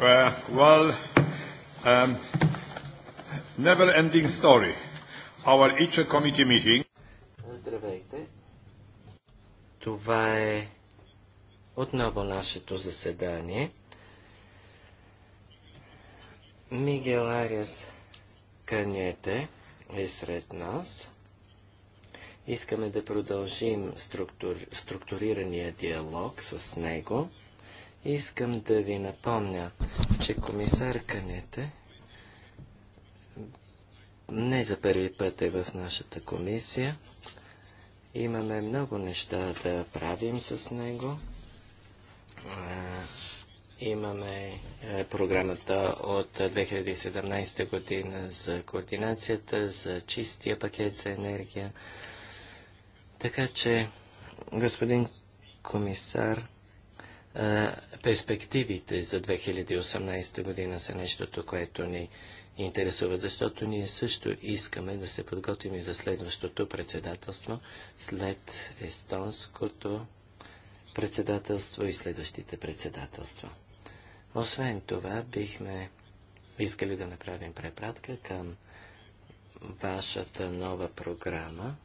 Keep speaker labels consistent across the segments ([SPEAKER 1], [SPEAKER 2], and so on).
[SPEAKER 1] Uh, well, um, never-ending story.
[SPEAKER 2] Our each committee meeting. Здравейте. Това е отново нашето заседание. Мигел Ариас Канете е сред нас. Искаме да продължим структур... структурирания диалог с него. Искам да ви напомня, че комисар Канете не за първи път е в нашата комисия. Имаме много неща да правим с него. Имаме е, програмата от 2017 година за координацията, за чистия пакет за енергия. Така че, господин комисар, перспективите за 2018 година са нещото, което ни интересува, защото ние също искаме да се подготвим и за следващото председателство след естонското председателство и следващите председателства. Освен това, бихме искали да направим препратка към вашата нова програма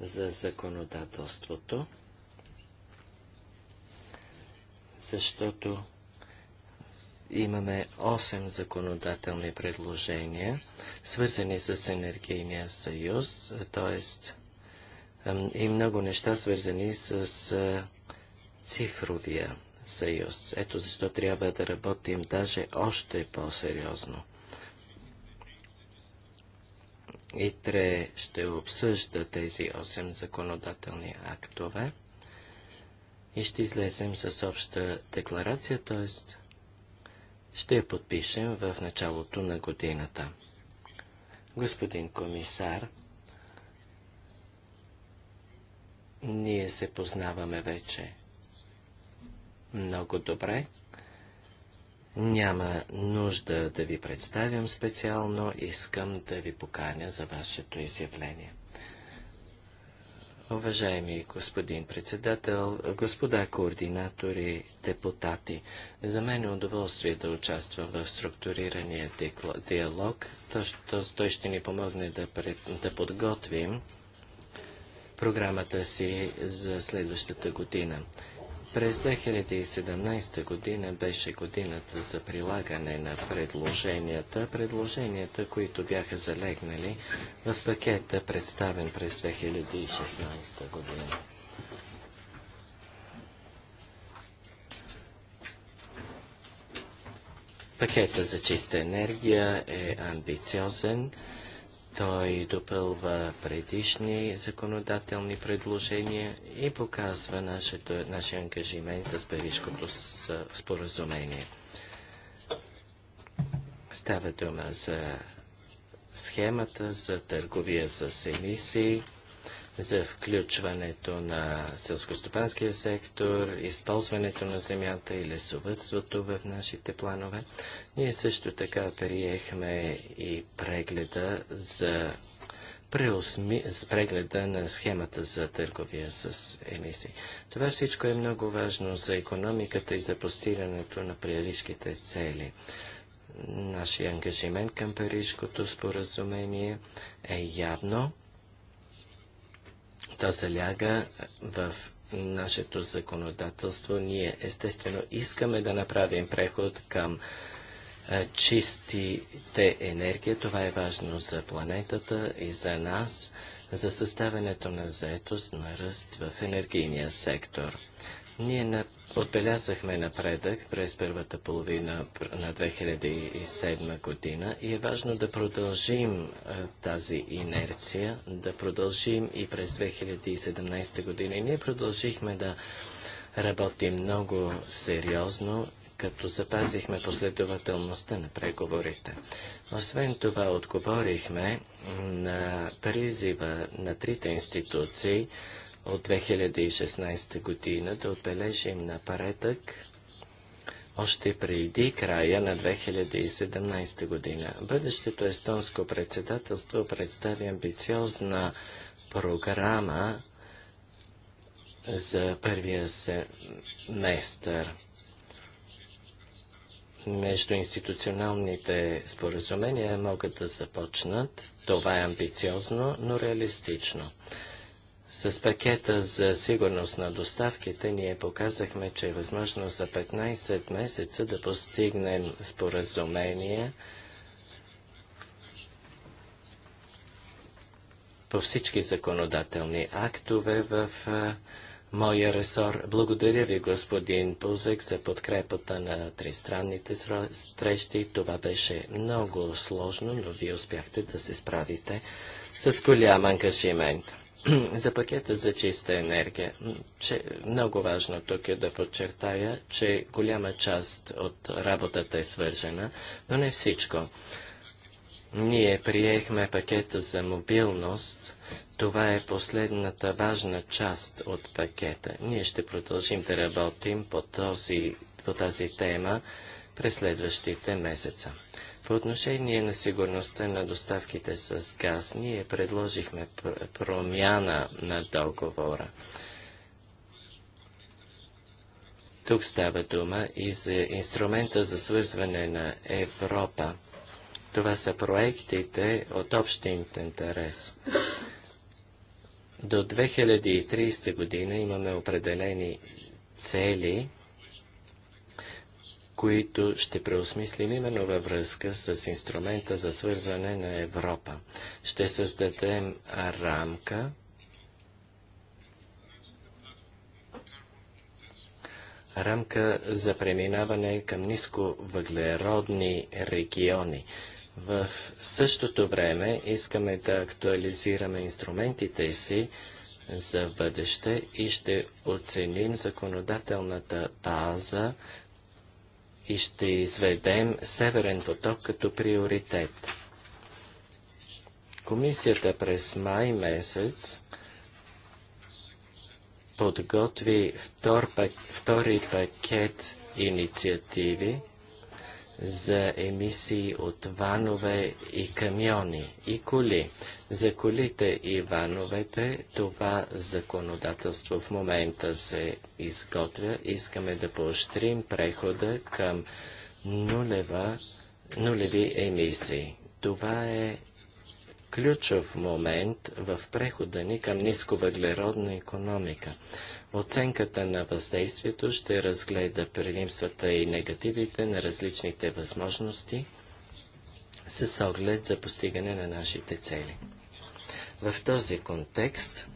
[SPEAKER 2] за законодателството защото имаме 8 законодателни предложения, свързани с енергийния съюз, т.е. и много неща свързани с цифровия съюз. Ето защо трябва да работим даже още по-сериозно. ИТРЕ ще обсъжда тези 8 законодателни актове и ще излезем с обща декларация, т.е. ще я подпишем в началото на годината. Господин комисар, ние се познаваме вече много добре. Няма нужда да ви представям специално, искам да ви поканя за вашето изявление. Уважаеми господин председател, господа координатори, депутати, за мен е удоволствие да участвам в структурирания диалог. Той ще ни помогне да, пред... да подготвим програмата си за следващата година. През 2017 година беше годината за прилагане на предложенията, предложенията, които бяха залегнали в пакета, представен през 2016 година. Пакета за чиста енергия е амбициозен. Той допълва предишни законодателни предложения и показва нашето, нашия ангажимент с Парижското споразумение. Става дума за схемата за търговия с емисии – за включването на селскостопанския сектор, използването на земята и лесовътството в нашите планове. Ние също така приехме и прегледа за преосми... с прегледа на схемата за търговия с емисии. Това всичко е много важно за економиката и за постирането на приелишките цели. Нашия ангажимент към Парижкото споразумение е явно то заляга в нашето законодателство. Ние естествено искаме да направим преход към чистите енергия. Това е важно за планетата и за нас, за съставянето на заетост на ръст в енергийния сектор. Ние отбелязахме напредък през първата половина на 2007 година и е важно да продължим тази инерция, да продължим и през 2017 година. И ние продължихме да работим много сериозно като запазихме последователността на преговорите. Освен това, отговорихме на призива на трите институции от 2016 година, да отбележим напредък още преди края на 2017 година. Бъдещето естонско председателство представи амбициозна програма за първия семестър. Между институционалните споразумения могат да започнат. Това е амбициозно, но реалистично. С пакета за сигурност на доставките ние показахме, че е възможно за 15 месеца да постигнем споразумения по всички законодателни актове в моя ресор. Благодаря ви, господин Пузек, за подкрепата на тристранните срещи. Това беше много сложно, но вие успяхте да се справите с голям ангажимент. за пакета за чиста енергия. Че, много важно тук е да подчертая, че голяма част от работата е свържена, но не всичко. Ние приехме пакета за мобилност. Това е последната важна част от пакета. Ние ще продължим да работим по, този, по тази тема през следващите месеца. По отношение на сигурността на доставките с газ, ние предложихме пр промяна на договора. Тук става дума и за инструмента за свързване на Европа. Това са проектите от общия интерес. До 2030 година имаме определени цели – които ще преосмислим именно във връзка с инструмента за свързване на Европа. Ще създадем рамка, рамка за преминаване към ниско въглеродни региони. В същото време искаме да актуализираме инструментите си за бъдеще и ще оценим законодателната база и ще изведем Северен поток като приоритет. Комисията през май месец подготви втор пак, втори пакет инициативи, за емисии от ванове и камиони и коли. За колите и вановете това законодателство в момента се изготвя. Искаме да поощрим прехода към нулева, нулеви емисии. Това е ключов момент в прехода ни към нисковъглеродна економика. Оценката на въздействието ще разгледа предимствата и негативите на различните възможности с оглед за постигане на нашите цели. В този контекст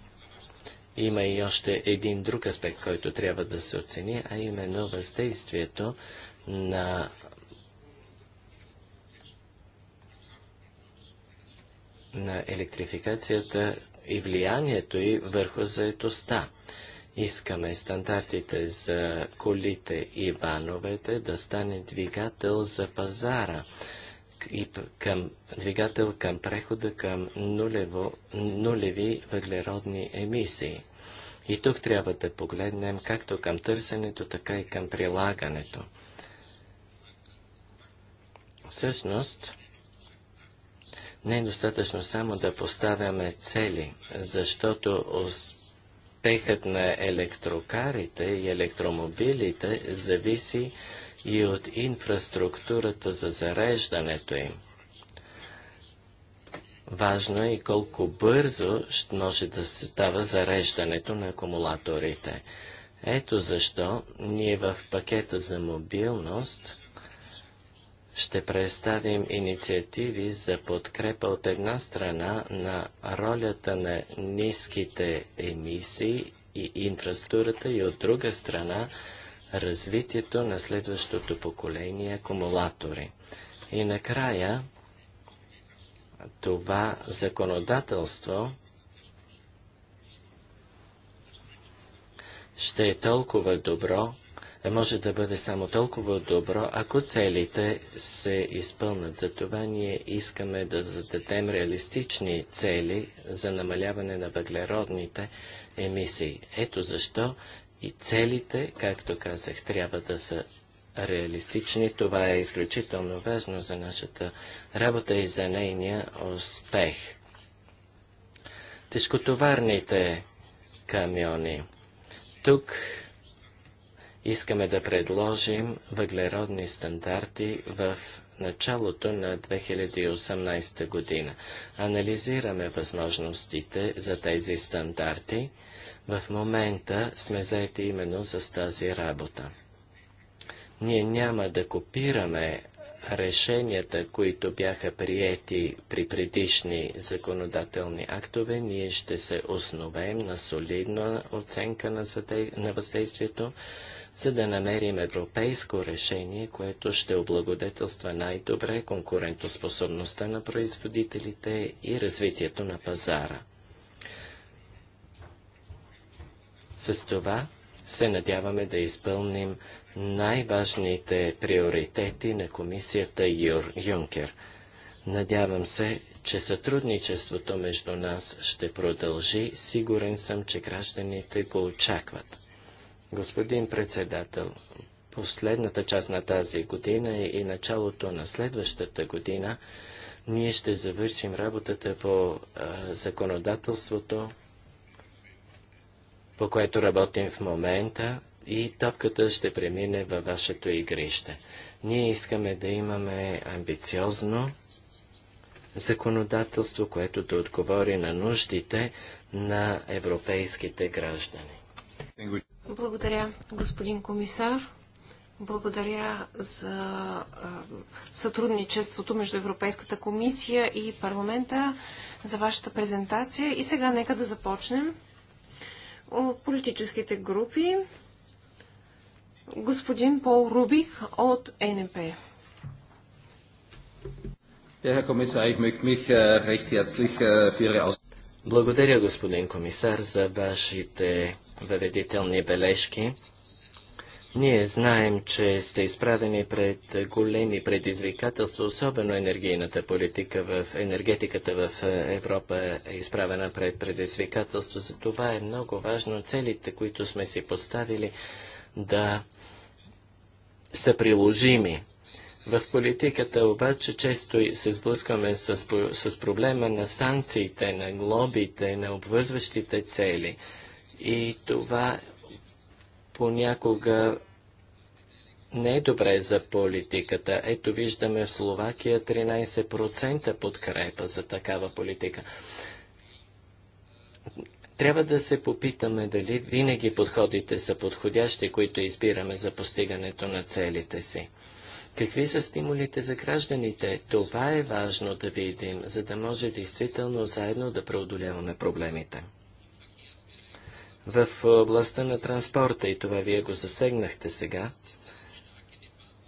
[SPEAKER 2] има и още един друг аспект, който трябва да се оцени, а именно въздействието на на електрификацията и влиянието й върху заетостта. Искаме стандартите за колите и бановете да стане двигател за пазара и към, двигател към прехода към нулево, нулеви въглеродни емисии. И тук трябва да погледнем както към търсенето, така и към прилагането. Всъщност, не е достатъчно само да поставяме цели, защото успехът на електрокарите и електромобилите зависи и от инфраструктурата за зареждането им. Важно е и колко бързо ще може да се става зареждането на акумулаторите. Ето защо ние в пакета за мобилност – ще представим инициативи за подкрепа от една страна на ролята на ниските емисии и инфраструктурата и от друга страна развитието на следващото поколение акумулатори. И накрая това законодателство ще е толкова добро, може да бъде само толкова добро, ако целите се изпълнат. Затова ние искаме да зададем реалистични цели за намаляване на въглеродните емисии. Ето защо и целите, както казах, трябва да са реалистични. Това е изключително важно за нашата работа и за нейния успех. Тежкотоварните камиони. Тук искаме да предложим въглеродни стандарти в началото на 2018 година. Анализираме възможностите за тези стандарти. В момента сме заети именно с тази работа. Ние няма да копираме решенията, които бяха приети при предишни законодателни актове, ние ще се основем на солидна оценка на, въздействието, за да намерим европейско решение, което ще облагодетелства най-добре конкурентоспособността на производителите и развитието на пазара. С това се надяваме да изпълним най-важните приоритети на комисията Юр, Юнкер. Надявам се, че сътрудничеството между нас ще продължи. Сигурен съм, че гражданите го очакват. Господин председател, последната част на тази година и началото на следващата година ние ще завършим работата по а, законодателството, по което работим в момента и топката ще премине във вашето игрище. Ние искаме да имаме амбициозно законодателство, което да отговори на нуждите на европейските граждани.
[SPEAKER 1] Благодаря, господин комисар. Благодаря за сътрудничеството между Европейската комисия и парламента за вашата презентация. И сега нека да започнем. От политическите групи. Господин Пол Рубик от НП.
[SPEAKER 2] Äh, äh, Благодаря, господин комисар, за вашите въведителни бележки. Ние знаем, че сте изправени пред големи предизвикателства, особено енергийната политика в енергетиката в е, Европа е изправена пред предизвикателство. За това е много важно целите, които сме си поставили, да са приложими. В политиката обаче често се сблъскваме с, с проблема на санкциите, на глобите, на обвързващите цели – и това понякога не е добре за политиката. Ето виждаме в Словакия 13% подкрепа за такава политика. Трябва да се попитаме дали винаги подходите са подходящи, които избираме за постигането на целите си. Какви са стимулите за гражданите? Това е важно да видим, за да може действително заедно да преодоляваме проблемите в областта на транспорта, и това вие го засегнахте сега,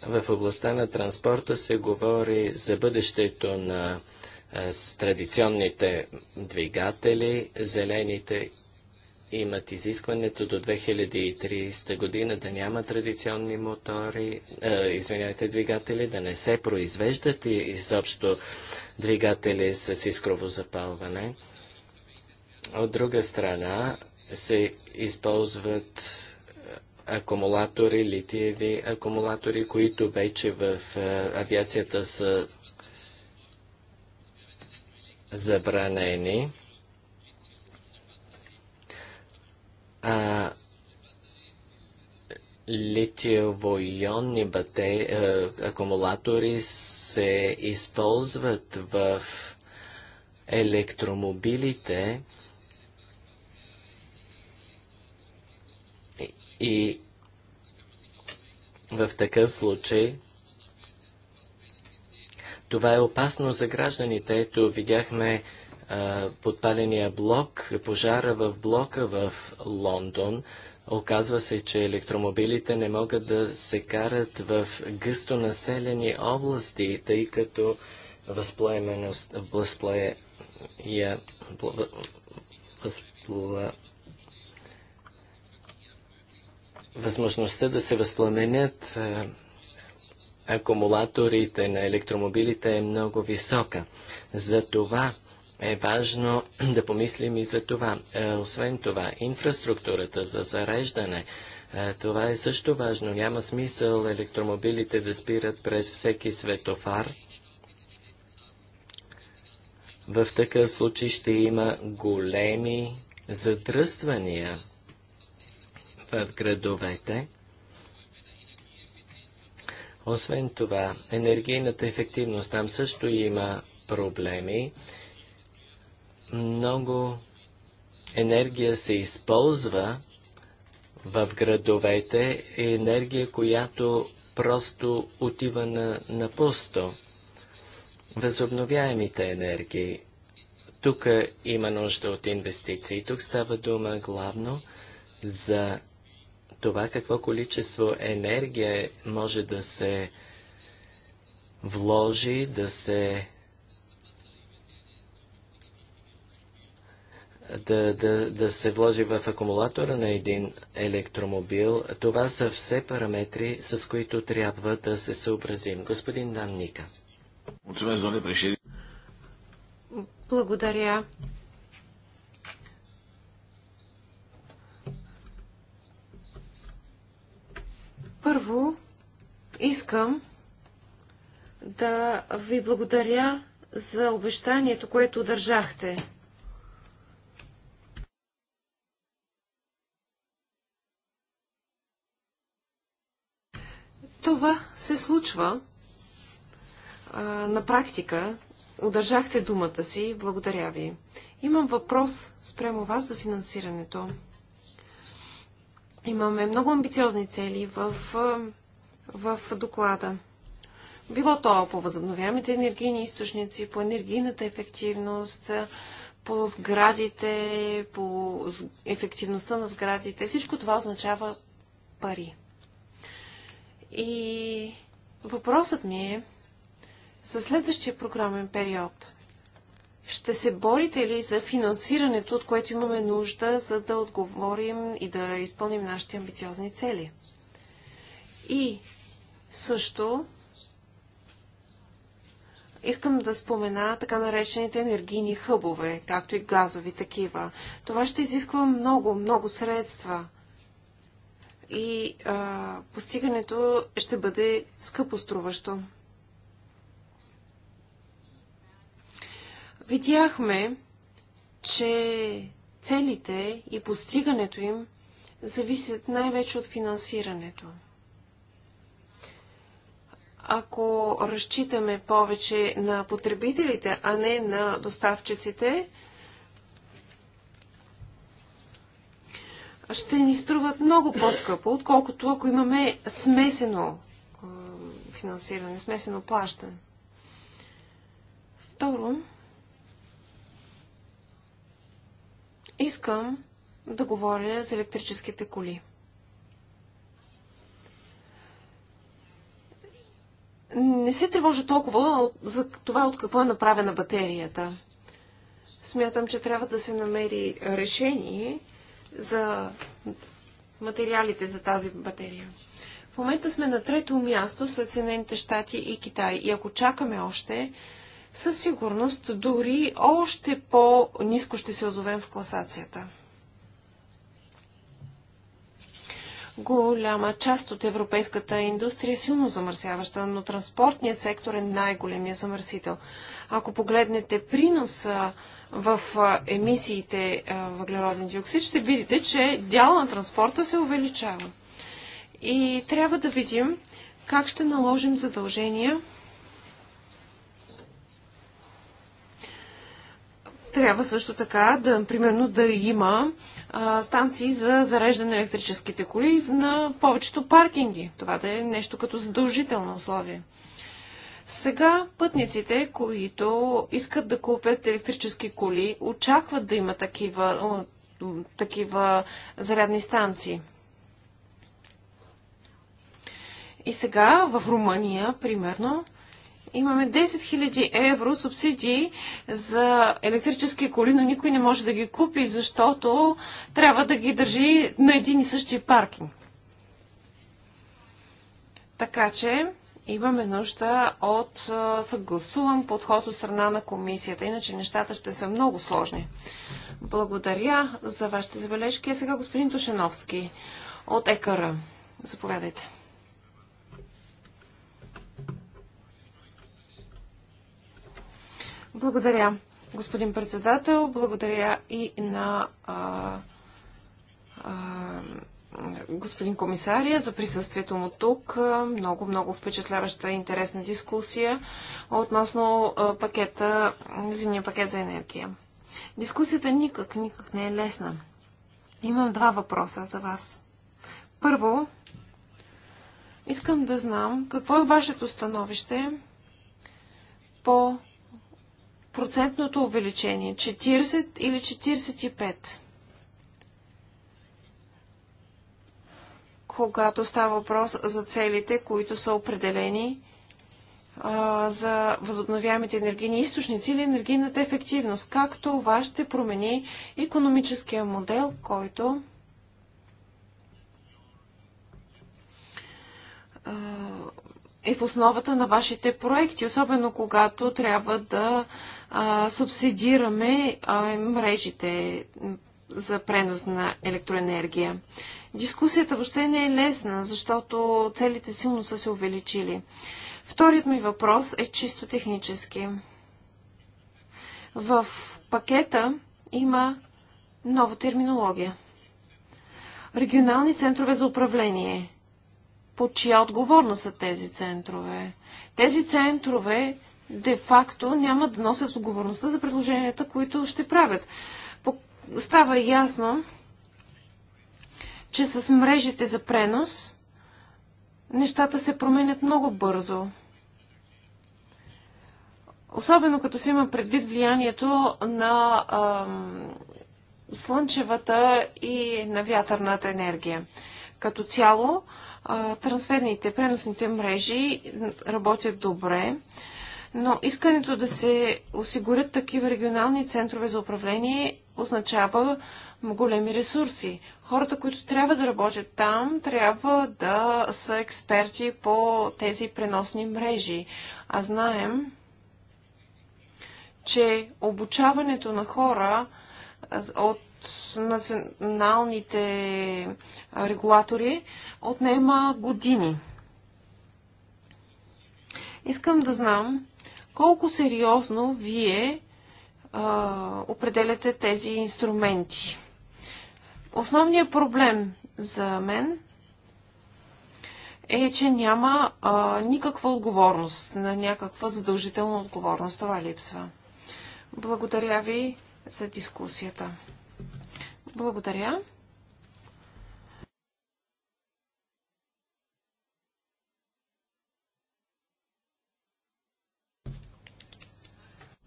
[SPEAKER 2] в областта на транспорта се говори за бъдещето на с традиционните двигатели, зелените имат изискването до 2030 година да няма традиционни мотори, э, извинявайте, двигатели, да не се произвеждат и изобщо двигатели с искрово запалване. От друга страна, се използват акумулатори, литиеви акумулатори, които вече в авиацията са забранени. А, литиево-ионни акумулатори се използват в електромобилите И в такъв случай това е опасно за гражданите. Ето, видяхме а, подпаления блок, пожара в блока в Лондон. Оказва се, че електромобилите не могат да се карат в гъсто населени области, тъй като възплоеменост, възплоя, възпла, възможността да се възпламенят е, акумулаторите на електромобилите е много висока. За това е важно да помислим и за това. Е, освен това, инфраструктурата за зареждане, е, това е също важно. Няма смисъл електромобилите да спират пред всеки светофар. В такъв случай ще има големи задръствания в градовете. Освен това, енергийната ефективност там също има проблеми. Много енергия се използва в градовете, и енергия, която просто отива на, на пусто. Възобновяемите енергии. Тук има нужда от инвестиции. Тук става дума главно за това какво количество енергия може да се вложи, да се да, да, да се вложи в акумулатора на един електромобил. Това са все параметри, с които трябва да се съобразим. Господин Данника.
[SPEAKER 1] Благодаря. Първо, искам да ви благодаря за обещанието, което държахте. Това се случва а, на практика. Удържахте думата си. Благодаря ви. Имам въпрос спрямо вас за финансирането. Имаме много амбициозни цели в, в доклада. Било то по възобновяемите енергийни източници, по енергийната ефективност, по сградите, по ефективността на сградите. Всичко това означава пари. И въпросът ми е, за следващия програмен период, ще се борите ли за финансирането, от което имаме нужда, за да отговорим и да изпълним нашите амбициозни цели? И също искам да спомена така наречените енергийни хъбове, както и газови такива. Това ще изисква много, много средства. И а, постигането ще бъде скъпоструващо. Видяхме, че целите и постигането им зависят най-вече от финансирането. Ако разчитаме повече на потребителите, а не на доставчиците, ще ни струват много по-скъпо, отколкото ако имаме смесено финансиране, смесено плащане. Второ, Искам да говоря за електрическите коли. Не се тревожа толкова за това от какво е направена батерията. Смятам, че трябва да се намери решение за материалите за тази батерия. В момента сме на трето място след Съединените щати и Китай. И ако чакаме още, със сигурност дори още по-низко ще се озовем в класацията. Голяма част от европейската индустрия е силно замърсяваща, но транспортният сектор е най-големият замърсител. Ако погледнете приноса в емисиите въглероден диоксид, ще видите, че дял на транспорта се увеличава. И трябва да видим как ще наложим задължения Трябва също така, да, примерно, да има а, станции за зареждане на електрическите коли на повечето паркинги. Това да е нещо като задължително условие. Сега пътниците, които искат да купят електрически коли, очакват да има такива, такива зарядни станции. И сега в Румъния, примерно, Имаме 10 000 евро субсидии за електрически коли, но никой не може да ги купи, защото трябва да ги държи на един и същи паркинг. Така че имаме нужда от съгласуван подход от страна на комисията, иначе нещата ще са много сложни. Благодаря за вашите забележки. А сега господин Тушеновски от ЕКР. Заповядайте. Благодаря, господин председател. Благодаря и на а, а, господин комисария за присъствието му тук. Много, много впечатляваща и интересна дискусия относно пакета, зимния пакет за енергия. Дискусията никак, никак не е лесна. Имам два въпроса за вас. Първо, искам да знам какво е вашето становище по процентното увеличение 40 или 45. Когато става въпрос за целите, които са определени а, за възобновяемите енергийни източници или енергийната ефективност, как това ще промени економическия модел, който а, е в основата на вашите проекти, особено когато трябва да а, субсидираме а, мрежите за пренос на електроенергия. Дискусията въобще не е лесна, защото целите силно са се увеличили. Вторият ми въпрос е чисто технически. В пакета има нова терминология. Регионални центрове за управление – по чия отговорност са тези центрове. Тези центрове де-факто няма да носят отговорността за предложенията, които ще правят. Става ясно, че с мрежите за пренос нещата се променят много бързо. Особено като се има предвид влиянието на ам, слънчевата и на вятърната енергия. Като цяло, трансферните, преносните мрежи работят добре, но искането да се осигурят такива регионални центрове за управление означава големи ресурси. Хората, които трябва да работят там, трябва да са експерти по тези преносни мрежи. А знаем, че обучаването на хора от националните регулатори отнема години. Искам да знам колко сериозно вие а, определяте тези инструменти. Основният проблем за мен е, че няма а, никаква отговорност, на някаква задължителна отговорност. Това липсва. Благодаря ви за дискусията. Благодаря.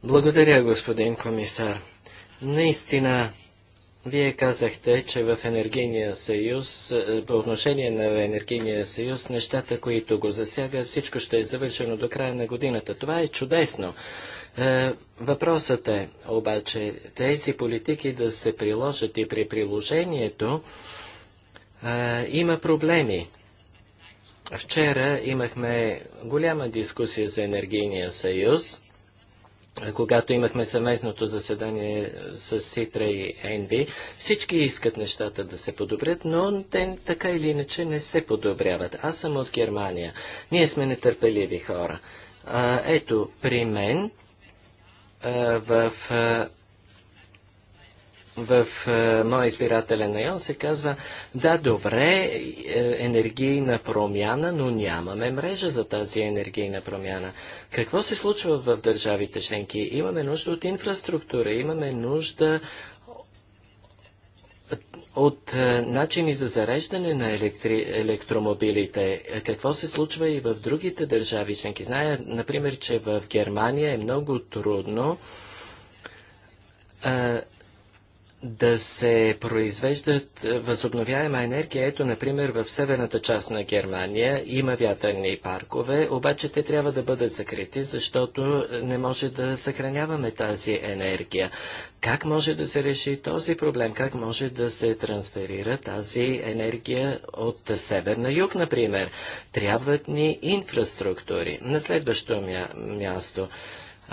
[SPEAKER 2] Благодаря, господин комисар. Наистина, вие казахте, че в Енергийния съюз, е, по отношение на Енергийния съюз, нещата, които го засяга, всичко ще е завършено до края на годината. Това е чудесно. Е, въпросът е обаче тези политики да се приложат и при приложението е, има проблеми. Вчера имахме голяма дискусия за енергийния съюз, когато имахме съвместното заседание с Ситра и Енви. Всички искат нещата да се подобрят, но те така или иначе не се подобряват. Аз съм от Германия. Ние сме нетърпеливи хора. ето, при мен в, в, в моя избирателен район се казва, да, добре, е, енергийна промяна, но нямаме мрежа за тази енергийна промяна. Какво се случва в държавите членки? Имаме нужда от инфраструктура, имаме нужда от е, начини за зареждане на електри... електромобилите. Е, какво се случва и в другите държави членки? Зная, например, че в Германия е много трудно а, е, да се произвеждат е, възобновяема енергия. Ето, например, в северната част на Германия има вятърни паркове, обаче те трябва да бъдат закрити, защото е, не може да съхраняваме тази енергия. Как може да се реши този проблем? Как може да се трансферира тази енергия от север на юг, например? Трябват ни инфраструктури. На следващо мя място.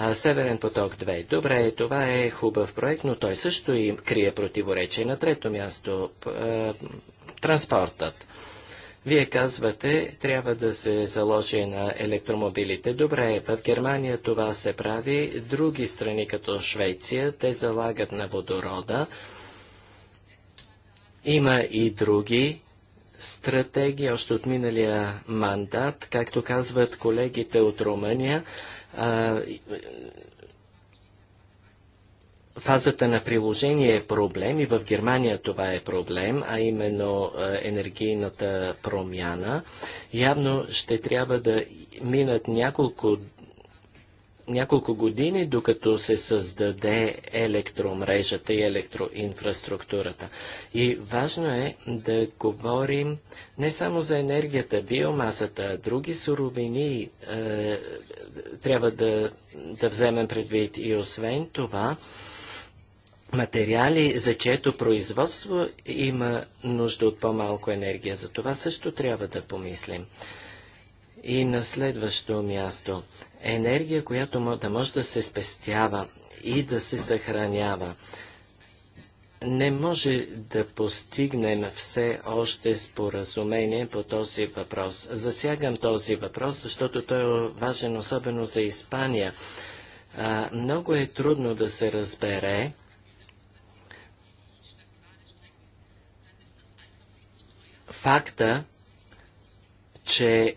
[SPEAKER 2] А, Северен поток 2. Добре, това е хубав проект, но той също и крие противоречие. На трето място транспортът. Вие казвате, трябва да се заложи на електромобилите. Добре, в Германия това се прави. Други страни, като Швеция, те залагат на водорода. Има и други стратегии още от миналия мандат, както казват колегите от Румъния фазата на приложение е проблем и в Германия това е проблем, а именно енергийната промяна. Явно ще трябва да минат няколко няколко години, докато се създаде електромрежата и електроинфраструктурата. И важно е да говорим не само за енергията, биомасата, а други суровини е, трябва да, да вземем предвид. И освен това, материали, за чието производство има нужда от по-малко енергия. За това също трябва да помислим. И на следващо място, енергия, която да може да се спестява и да се съхранява. Не може да постигнем все още споразумение по този въпрос. Засягам този въпрос, защото той е важен особено за Испания. А, много е трудно да се разбере факта, че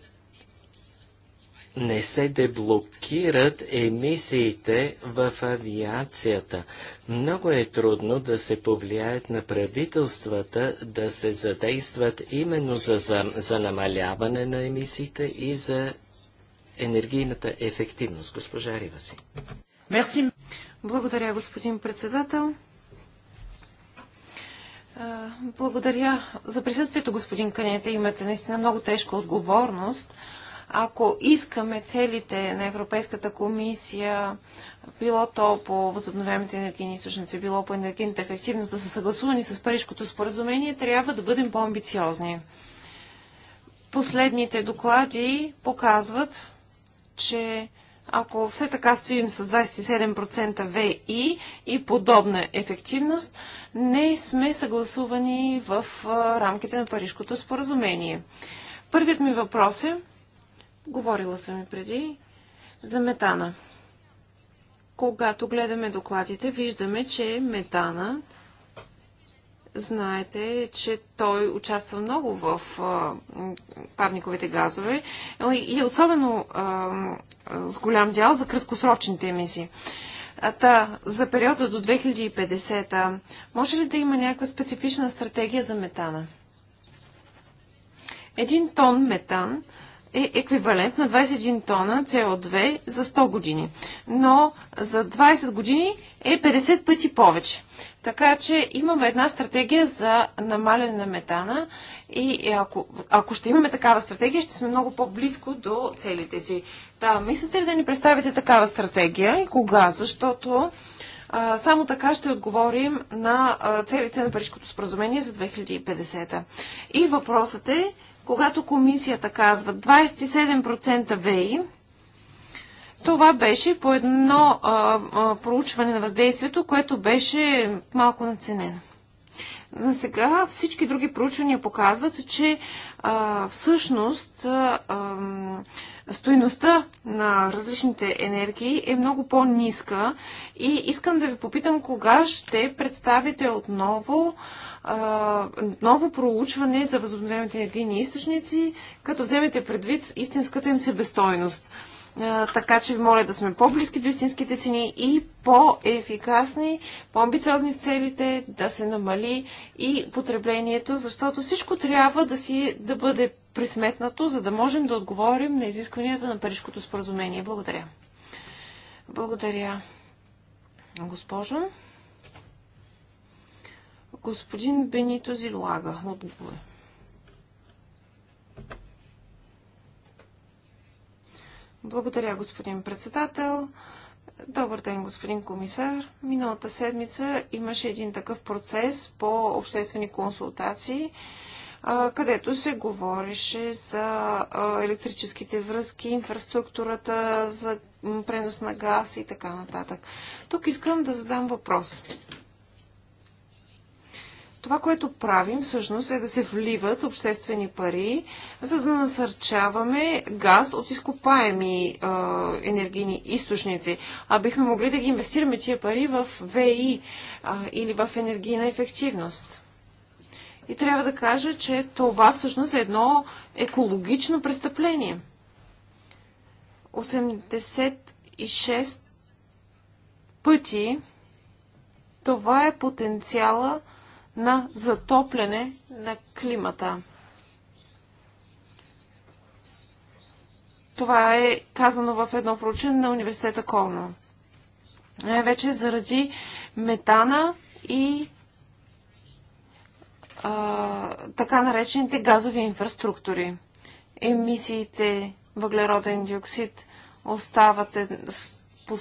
[SPEAKER 2] не се деблокират емисиите в авиацията. Много е трудно да се повлияят на правителствата да се задействат именно за, за, за намаляване на емисиите и за енергийната ефективност. Госпожа си.
[SPEAKER 1] Мерси. Благодаря, господин председател. Благодаря за присъствието, господин Канете. Имате наистина много тежка отговорност – ако искаме целите на Европейската комисия, било то по възобновяемите енергийни източници, било по енергийната ефективност, да са съгласувани с Парижкото споразумение, трябва да бъдем по-амбициозни. Последните доклади показват, че ако все така стоим с 27% ВИ и подобна ефективност, не сме съгласувани в рамките на Парижкото споразумение. Първият ми въпрос е, Говорила съм и преди за метана. Когато гледаме докладите, виждаме, че метана, знаете, че той участва много в парниковите газове и е особено с голям дял за краткосрочните емисии. А та, за периода до 2050 може ли да има някаква специфична стратегия за метана? Един тон метан е еквивалент на 21 тона CO2 за 100 години. Но за 20 години е 50 пъти повече. Така че имаме една стратегия за намаляне на метана и ако, ако ще имаме такава стратегия, ще сме много по-близко до целите си. Да, мислите ли да ни представите такава стратегия и кога? Защото а, само така ще отговорим на а, целите на Парижското споразумение за 2050. И въпросът е когато комисията казва 27% ВЕИ, това беше по едно а, а, проучване на въздействието, което беше малко наценено. За сега всички други проучвания показват, че а, всъщност а, стойността на различните енергии е много по-ниска и искам да ви попитам кога ще представите отново а, а, ново проучване за възобновяемите енергийни източници, като вземете предвид истинската им себестойност. А, така че ви моля да сме по-близки до истинските цени и по-ефикасни, по-амбициозни в целите, да се намали и потреблението, защото всичко трябва да, си, да бъде присметнато, за да можем да отговорим на изискванията на Парижкото споразумение. Благодаря. Благодаря, госпожо. Господин Бенито Зилуага от Благодаря, господин председател. Добър ден, господин комисар. Миналата седмица имаше един такъв процес по обществени консултации, където се говореше за електрическите връзки, инфраструктурата, за пренос на газ и така нататък. Тук искам да задам въпрос. Това, което правим всъщност е да се вливат обществени пари, за да насърчаваме газ от изкопаеми е, енергийни източници. А бихме могли да ги инвестираме тия пари в ВИ или в енергийна ефективност. И трябва да кажа, че това всъщност е едно екологично престъпление. 86 пъти това е потенциала на затопляне на климата. Това е казано в едно проучване на университета Колно. Най-вече е, заради метана и а, така наречените газови инфраструктури. Емисиите въглероден диоксид остават е, с, по,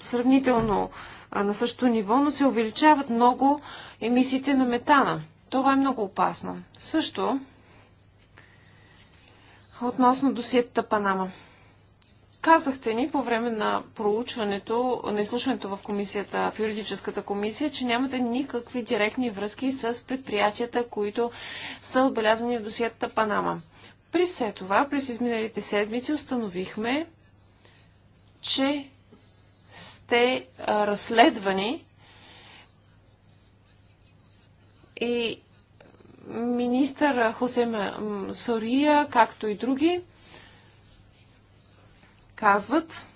[SPEAKER 1] сравнително на същото ниво, но се увеличават много емисиите на метана. Това е много опасно. Също относно досиетата Панама. Казахте ни по време на проучването, на изслушването в комисията, в юридическата комисия, че нямате никакви директни връзки с предприятията, които са отбелязани в досиетата Панама. При все това, през изминалите седмици установихме, че сте разследвани и министър Хосем Сория, както и други, казват,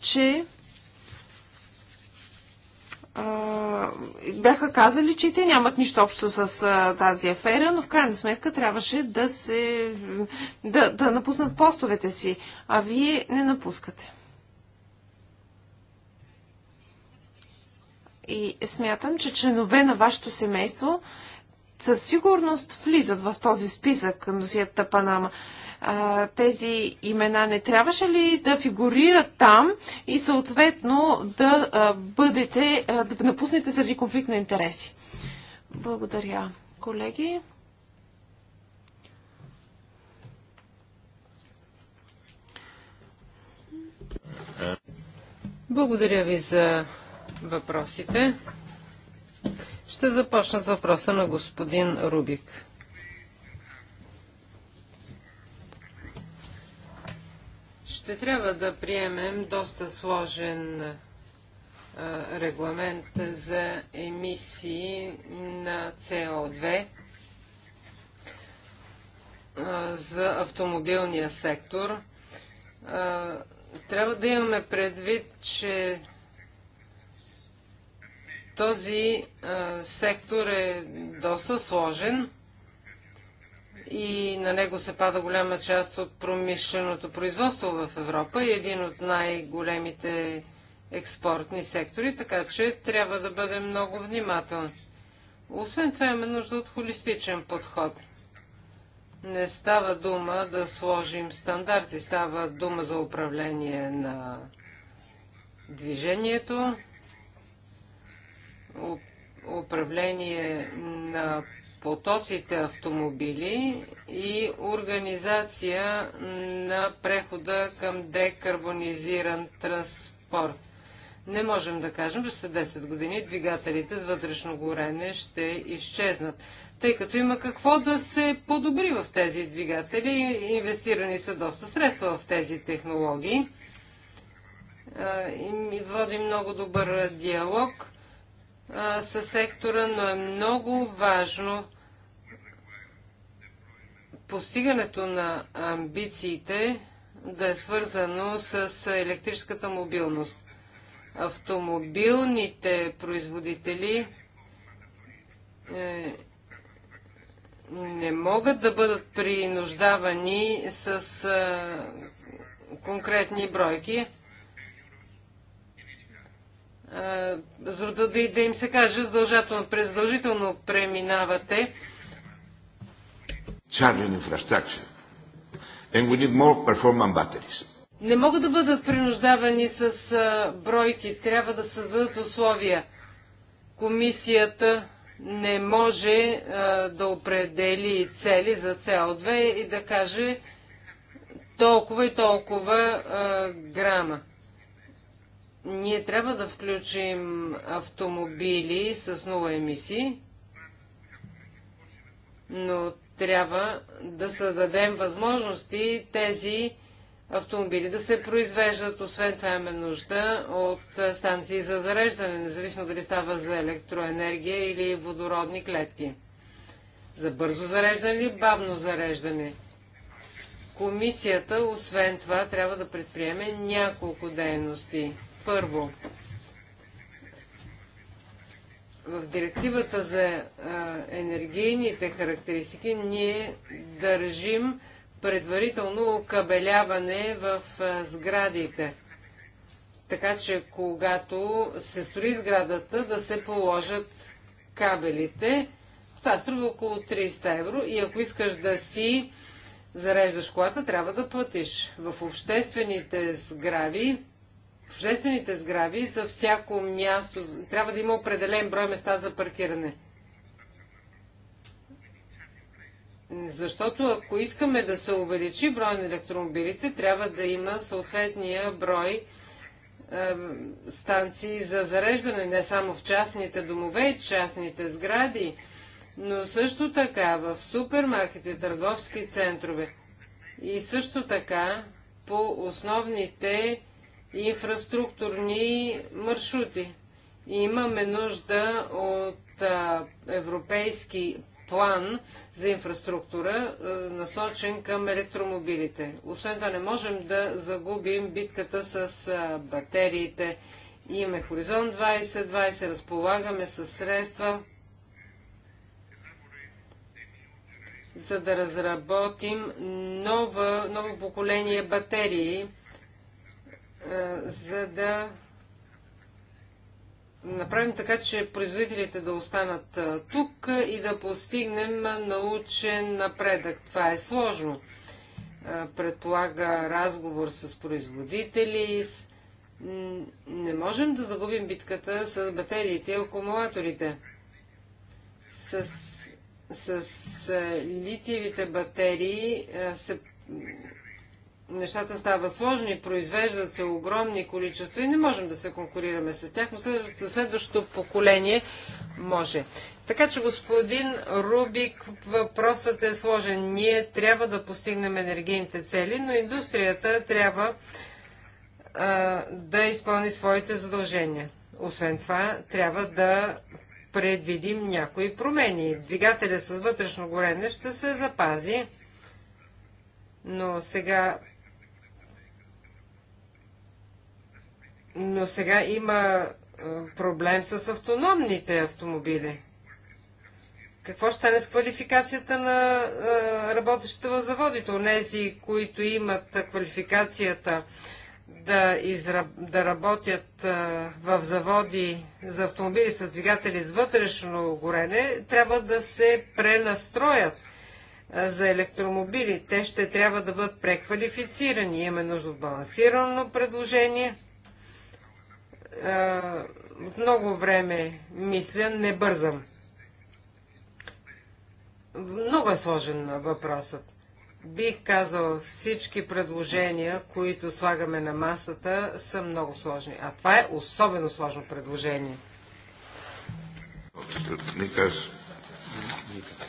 [SPEAKER 1] че бяха казали, че те нямат нищо общо с тази афера, но в крайна сметка трябваше да, се, да, да напуснат постовете си, а вие не напускате. И смятам, че членове на вашето семейство със сигурност влизат в този списък към досията Панама. А, тези имена не трябваше ли да фигурират там и съответно да а, бъдете, а, да напуснете заради конфликт на интереси? Благодаря, колеги.
[SPEAKER 3] Благодаря ви за въпросите. Ще започна с въпроса на господин Рубик. Ще трябва да приемем доста сложен регламент за емисии на CO2 за автомобилния сектор. Трябва да имаме предвид, че този а, сектор е доста сложен и на него се пада голяма част от промишленото производство в Европа и един от най-големите експортни сектори, така че трябва да бъдем много внимателни. Освен това има нужда от холистичен подход. Не става дума да сложим стандарти, става дума за управление на движението, управление на потоците автомобили и организация на прехода към декарбонизиран транспорт. Не можем да кажем, че след 10 години двигателите с вътрешно горене ще изчезнат, тъй като има какво да се подобри в тези двигатели. Инвестирани са доста средства в тези технологии. И води много добър диалог – със сектора, но е много важно постигането на амбициите да е свързано с електрическата мобилност. Автомобилните производители е, не могат да бъдат принуждавани с конкретни бройки. Е, за да, да им се каже задължително, презадължително преминавате.
[SPEAKER 2] Чарлин infrastructure. And we need more performant batteries.
[SPEAKER 3] Не могат да бъдат принуждавани с е, бройки. Трябва да създадат условия. Комисията не може а, е, да определи цели за CO2 и да каже толкова и толкова а, грама. Ние трябва да включим автомобили с нула емисии, но трябва да създадем възможности тези автомобили да се произвеждат. Освен това имаме нужда от станции за зареждане, независимо дали става за електроенергия или водородни клетки. За бързо зареждане или бавно зареждане. Комисията, освен това, трябва да предприеме няколко дейности. Първо, в директивата за енергийните характеристики ние държим предварително окабеляване в сградите. Така че когато се строи сградата, да се положат кабелите. Това струва около 300 евро и ако искаш да си зареждаш колата, трябва да платиш. В обществените сгради обществените сгради за всяко място трябва да има определен брой места за паркиране. Защото ако искаме да се увеличи брой на електромобилите, трябва да има съответния брой е, станции за зареждане, не само в частните домове, и частните сгради, но също така в супермаркети, търговски центрове и също така по основните инфраструктурни маршрути. Имаме нужда от а, европейски план за инфраструктура, а, насочен към електромобилите. Освен да не можем да загубим битката с а, батериите. Имаме Хоризонт 2020, 20, разполагаме с средства, за да разработим нова, ново поколение батерии, е, за да направим така, че производителите да останат е, тук и да постигнем научен напредък. Това е сложно. Е, предполага разговор с производители. Не можем да загубим битката с батериите и акумулаторите. С, с, литиевите батерии се нещата стават сложни, произвеждат се огромни количества и не можем да се конкурираме с тях, но следващото, следващото поколение може. Така че, господин Рубик, въпросът е сложен. Ние трябва да постигнем енергийните цели, но индустрията трябва а, да изпълни своите задължения. Освен това, трябва да предвидим някои промени. Двигателя с вътрешно горене ще се запази, но сега Но сега има проблем с автономните автомобили. Какво ще стане с квалификацията на работещите в заводите? Онези, които имат квалификацията да, изра... да работят в заводи за автомобили с двигатели с вътрешно горене, трябва да се пренастроят за електромобили. Те ще трябва да бъдат преквалифицирани. Имаме нужда от балансирано предложение – от много време мисля, не бързам. Много е сложен въпросът. Бих казал, всички предложения, които слагаме на масата, са много сложни. А това е особено сложно предложение.
[SPEAKER 2] Ника, Ника,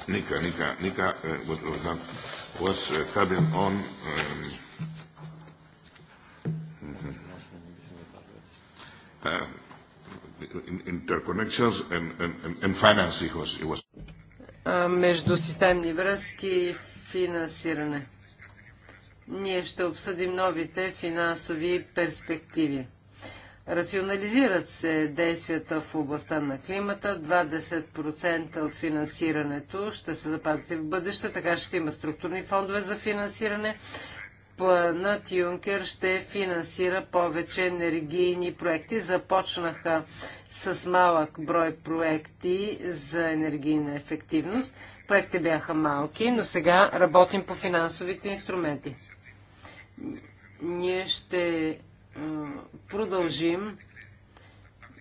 [SPEAKER 2] Ника, Ника, Ника, Ника, Ника, Ника,
[SPEAKER 1] Uh, interconnections and,
[SPEAKER 2] and, and was, it was.
[SPEAKER 3] Между системни връзки и финансиране. Ние ще обсъдим новите финансови перспективи. Рационализират се действията в областта на климата. 20% от финансирането ще се запазите в бъдеще, така ще има структурни фондове за финансиране планът Юнкер ще финансира повече енергийни проекти. Започнаха с малък брой проекти за енергийна ефективност. Проекти бяха малки, но сега работим по финансовите инструменти. Ние ще продължим.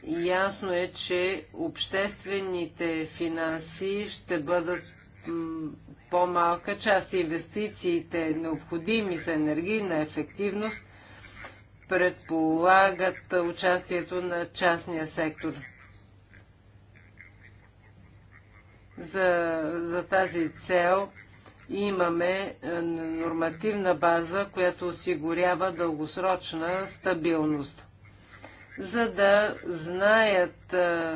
[SPEAKER 3] Ясно е, че обществените финанси ще бъдат по-малка част инвестициите, необходими за енергийна ефективност, предполагат участието на частния сектор. За, за тази цел имаме е, нормативна база, която осигурява дългосрочна стабилност. За да знаят е,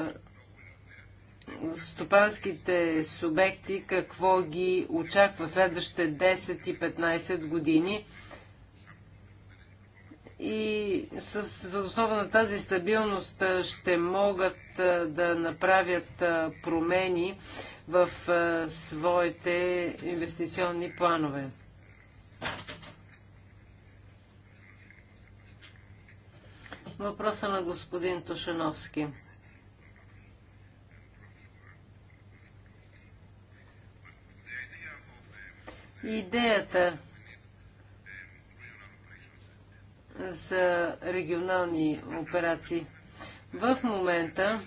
[SPEAKER 3] стопанските субекти, какво ги очаква следващите 10 и 15 години. И с възоснова на тази стабилност ще могат да направят промени в своите инвестиционни планове. Въпроса на господин Тошановски. Идеята за регионални операции. В момента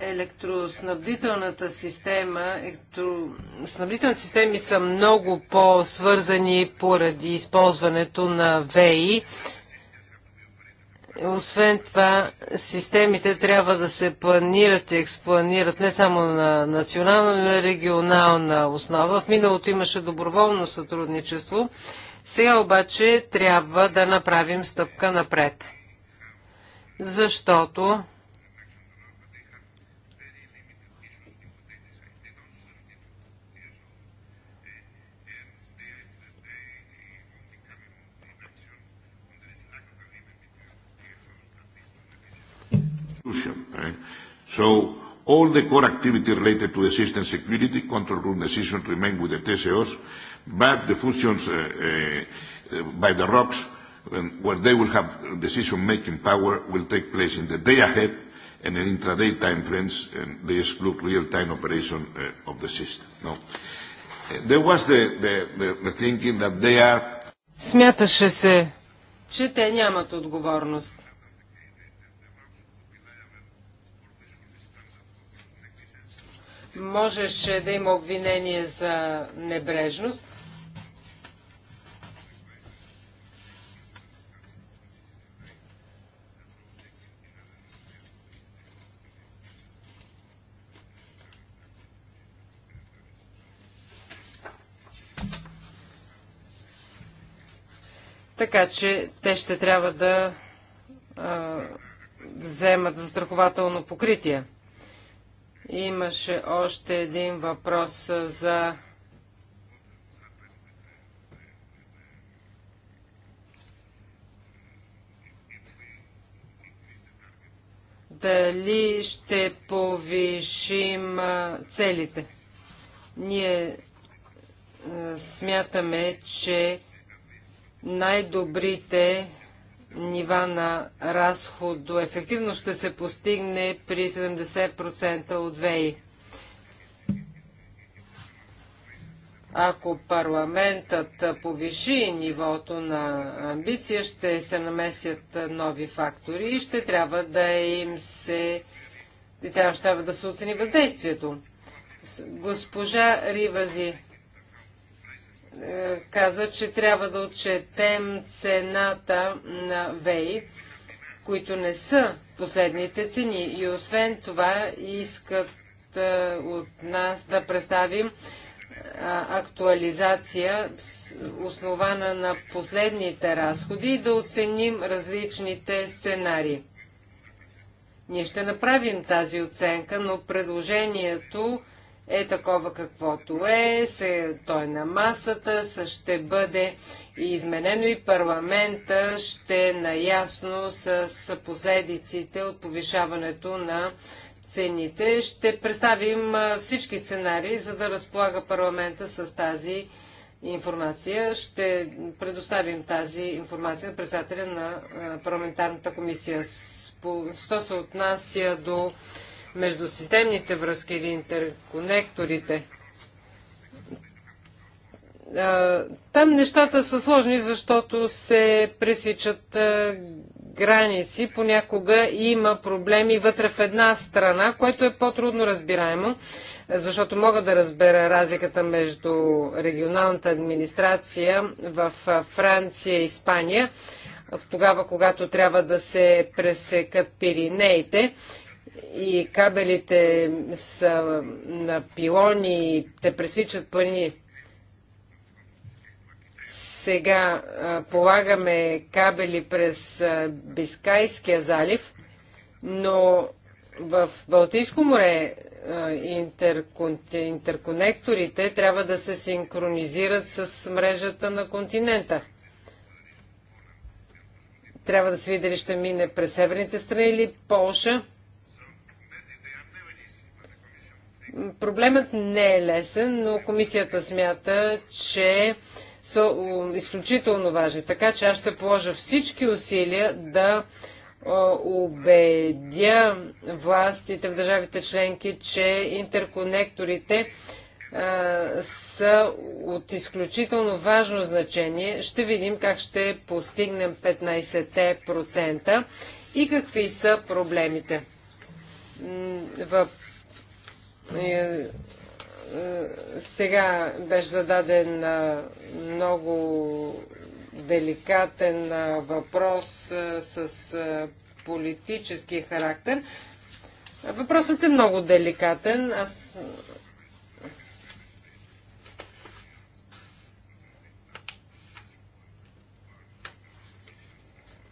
[SPEAKER 3] електроснабдителната система, електроснабдителните системи са много по-свързани поради използването на ВЕИ освен това, системите трябва да се планират и експланират не само на национална, но и регионална основа. В миналото имаше доброволно сътрудничество. Сега обаче трябва да направим стъпка напред. Защото
[SPEAKER 1] solution. So all the core activity related to the system security, control room decisions remain with the TSOs, but the functions by the ROCs, where they will have decision-making power, will take place in the day ahead and in intraday time frames, and they exclude real-time operation of the system. There was the, the thinking that they are...
[SPEAKER 3] Смяташе се, че те нямат отговорност. можеше да има обвинение за небрежност. Така че те ще трябва да а, вземат застрахователно покритие. Имаше още един въпрос за дали ще повишим целите. Ние смятаме, че най-добрите нива на ефективно ще се постигне при 70% от ВЕИ. Ако парламентът повиши нивото на амбиция, ще се намесят нови фактори и ще трябва да им се... И трябва, ще трябва да се оцени въздействието. Госпожа Ривази, е, каза, че трябва да отчетем цената на ВЕИ, които не са последните цени. И освен това искат е, от нас да представим е, актуализация, основана на последните разходи и да оценим различните сценарии. Ние ще направим тази оценка, но предложението е такова каквото е, се, той е на масата, ще бъде изменено и парламента ще е наясно с, с последиците от повишаването на цените. Ще представим всички сценарии, за да разполага парламента с тази информация. Ще предоставим тази информация на председателя на парламентарната комисия. Що се отнася до между системните връзки или интерконекторите. Там нещата са сложни, защото се пресичат граници. Понякога има проблеми вътре в една страна, което е по-трудно разбираемо, защото мога да разбера разликата между регионалната администрация в Франция и Испания, тогава когато трябва да се пресекат Пиринеите и кабелите са на пилони и те пресичат плани. Сега а, полагаме кабели през а, Бискайския залив, но в Балтийско море интерконекторите трябва да се синхронизират с мрежата на континента трябва да се види дали ще мине през северните страни или Полша. Проблемът не е лесен, но комисията смята, че са изключително важни. Така че аз ще положа всички усилия да убедя властите в държавите членки, че интерконекторите са от изключително важно значение. Ще видим как ще постигнем 15% и какви са проблемите. Въпросът е, сега беше зададен много деликатен въпрос с политически характер. Въпросът е много деликатен. Аз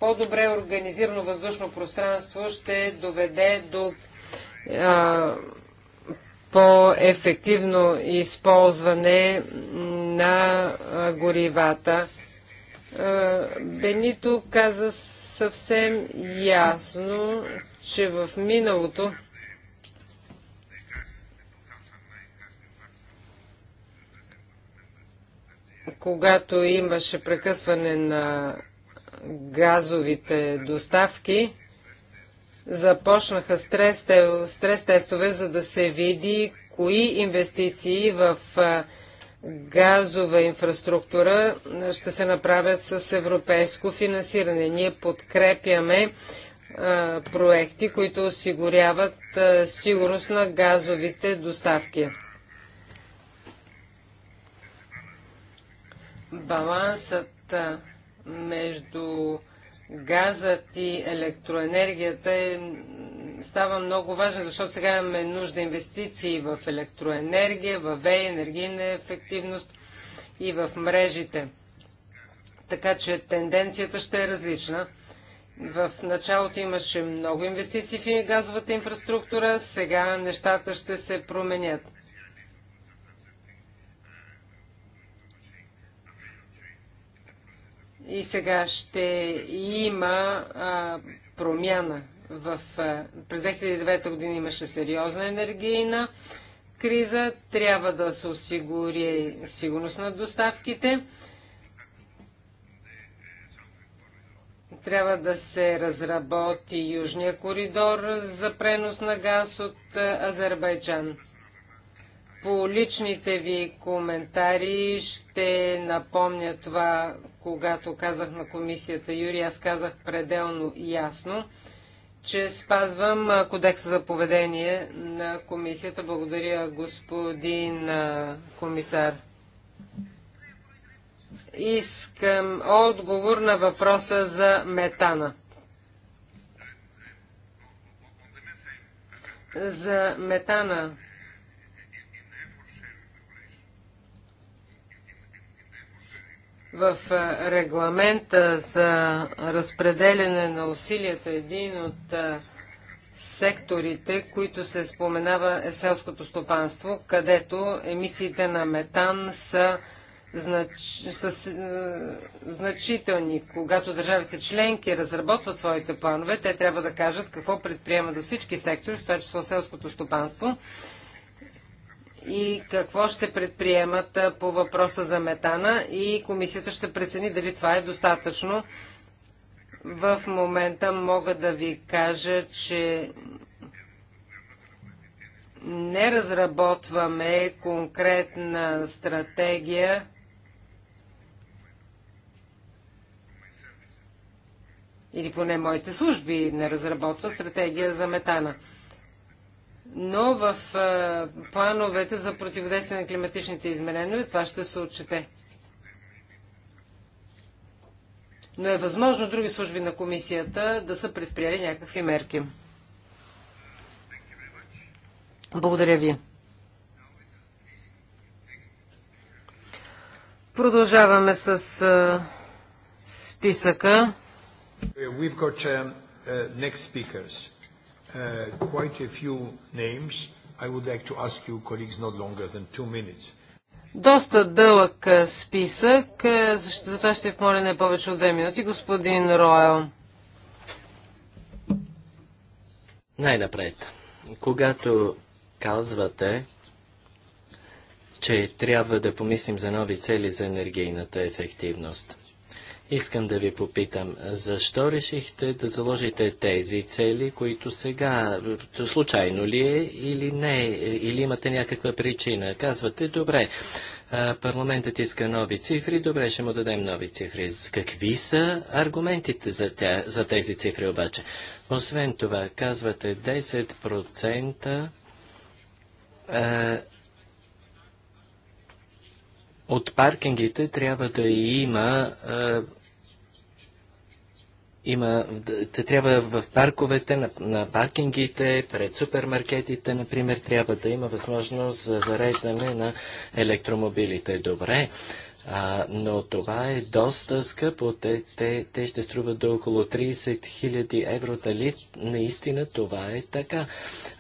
[SPEAKER 3] по-добре организирано въздушно пространство ще доведе до а, по-ефективно използване на горивата. Бенито каза съвсем ясно, че в миналото когато имаше прекъсване на газовите доставки, започнаха стрес, стрес тестове, за да се види кои инвестиции в газова инфраструктура ще се направят с европейско финансиране. Ние подкрепяме а, проекти, които осигуряват а, сигурност на газовите доставки. Балансът между газът и електроенергията е, става много важен, защото сега имаме нужда инвестиции в електроенергия, в ВЕ, енергийна ефективност и в мрежите. Така че тенденцията ще е различна. В началото имаше много инвестиции в газовата инфраструктура, сега нещата ще се променят. И сега ще има а, промяна. В, а, през 2009 година имаше сериозна енергийна криза. Трябва да се осигури сигурност на доставките. Трябва да се разработи Южния коридор за пренос на газ от Азербайджан по личните ви коментари ще напомня това, когато казах на комисията Юри, аз казах пределно ясно, че спазвам кодекса за поведение на комисията. Благодаря, господин комисар. Искам отговор на въпроса за метана. За метана В регламента за разпределяне на усилията един от секторите, които се споменава е селското стопанство, където емисиите на метан са, знач... са значителни. Когато държавите членки разработват своите планове, те трябва да кажат какво предприемат до всички сектори, в това число селското стопанство и какво ще предприемат по въпроса за метана и комисията ще прецени дали това е достатъчно. В момента мога да ви кажа, че не разработваме конкретна стратегия или поне моите служби не разработват стратегия за метана но в плановете за противодействие на климатичните изменения това ще се отчете. Но е възможно други служби на комисията да са предприели някакви мерки. Благодаря ви. Продължаваме с а, списъка.
[SPEAKER 2] We've got, um, uh, next speakers. Uh,
[SPEAKER 3] Доста дълъг списък, затова ще помоля не повече от две минути. Господин Роял.
[SPEAKER 2] Най-напред, когато казвате, че трябва да помислим за нови цели за енергийната ефективност – Искам да ви попитам, защо решихте да заложите тези цели, които сега, случайно ли е или не, или имате някаква причина? Казвате, добре, парламентът иска нови цифри, добре, ще му дадем нови цифри. Какви са аргументите за, тя, за тези цифри обаче? Освен това, казвате 10% от паркингите трябва да има има, те трябва в парковете, на, на паркингите, пред супермаркетите, например, трябва да има възможност за зареждане на електромобилите. Добре, а, но това е доста скъпо. Те, те, те ще струват до около 30 000 евро. Дали наистина това е така?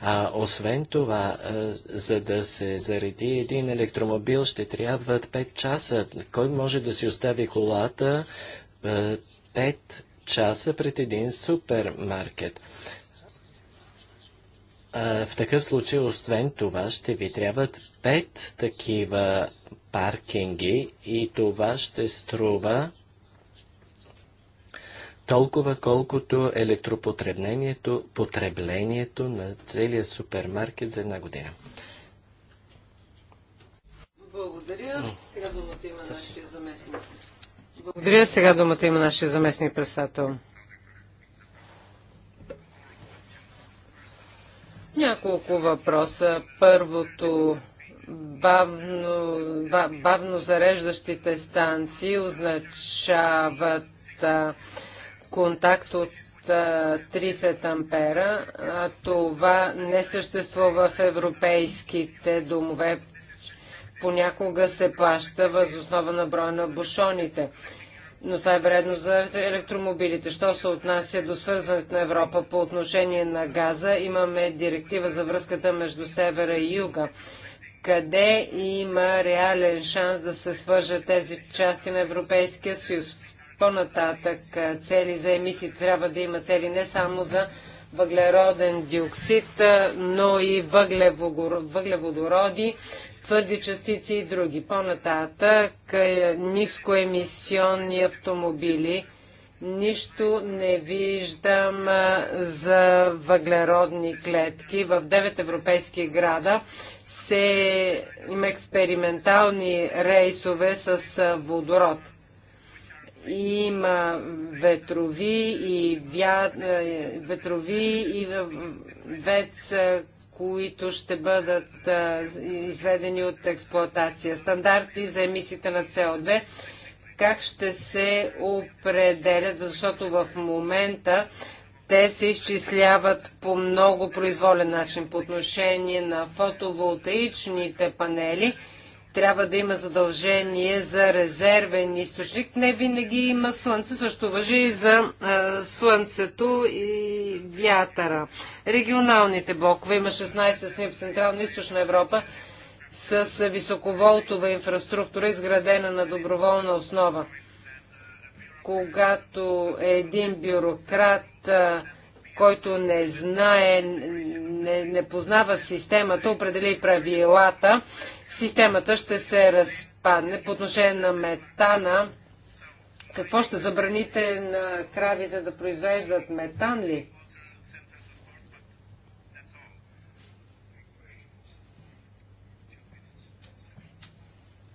[SPEAKER 2] А, освен това, а, за да се зареди един електромобил, ще трябват 5 часа. Кой може да си остави колата 5 часа пред един супермаркет. В такъв случай, освен това, ще ви трябват пет такива паркинги и това ще струва толкова колкото електропотреблението потреблението на целия супермаркет за една година. Благодаря. Сега думата има нашия заместник благодаря.
[SPEAKER 3] Сега думата има нашия заместник председател. Няколко въпроса. Първото бавно, бавно зареждащите станции означават контакт от 30 ампера. това не съществува в европейските домове. Понякога се плаща възоснова на броя на бушоните но това е вредно за електромобилите. Що се отнася до свързването на Европа по отношение на газа, имаме директива за връзката между севера и юга. Къде има реален шанс да се свържат тези части на Европейския съюз? По-нататък цели за емисии трябва да има цели не само за въглероден диоксид, но и въглеводороди, твърди частици и други. По-нататък нискоемисионни автомобили. Нищо не виждам за въглеродни клетки. В 9 европейски града се има експериментални рейсове с водород. Има ветрови и, вя... ветрови и вец, които ще бъдат изведени от експлоатация. Стандарти за емисиите на СО2, как ще се определят, защото в момента те се изчисляват по много произволен начин по отношение на фотоволтаичните панели – трябва да има задължение за резервен източник. Не винаги има слънце, също въжи и за а, слънцето и вятъра. Регионалните блокове има 16 сни в Централна и Източна Европа с високоволтова инфраструктура, изградена на доброволна основа. Когато един бюрократ а, който не знае, не, не познава системата, определи правилата системата ще се разпадне. По отношение на метана, какво ще забраните на кравите да произвеждат метан ли?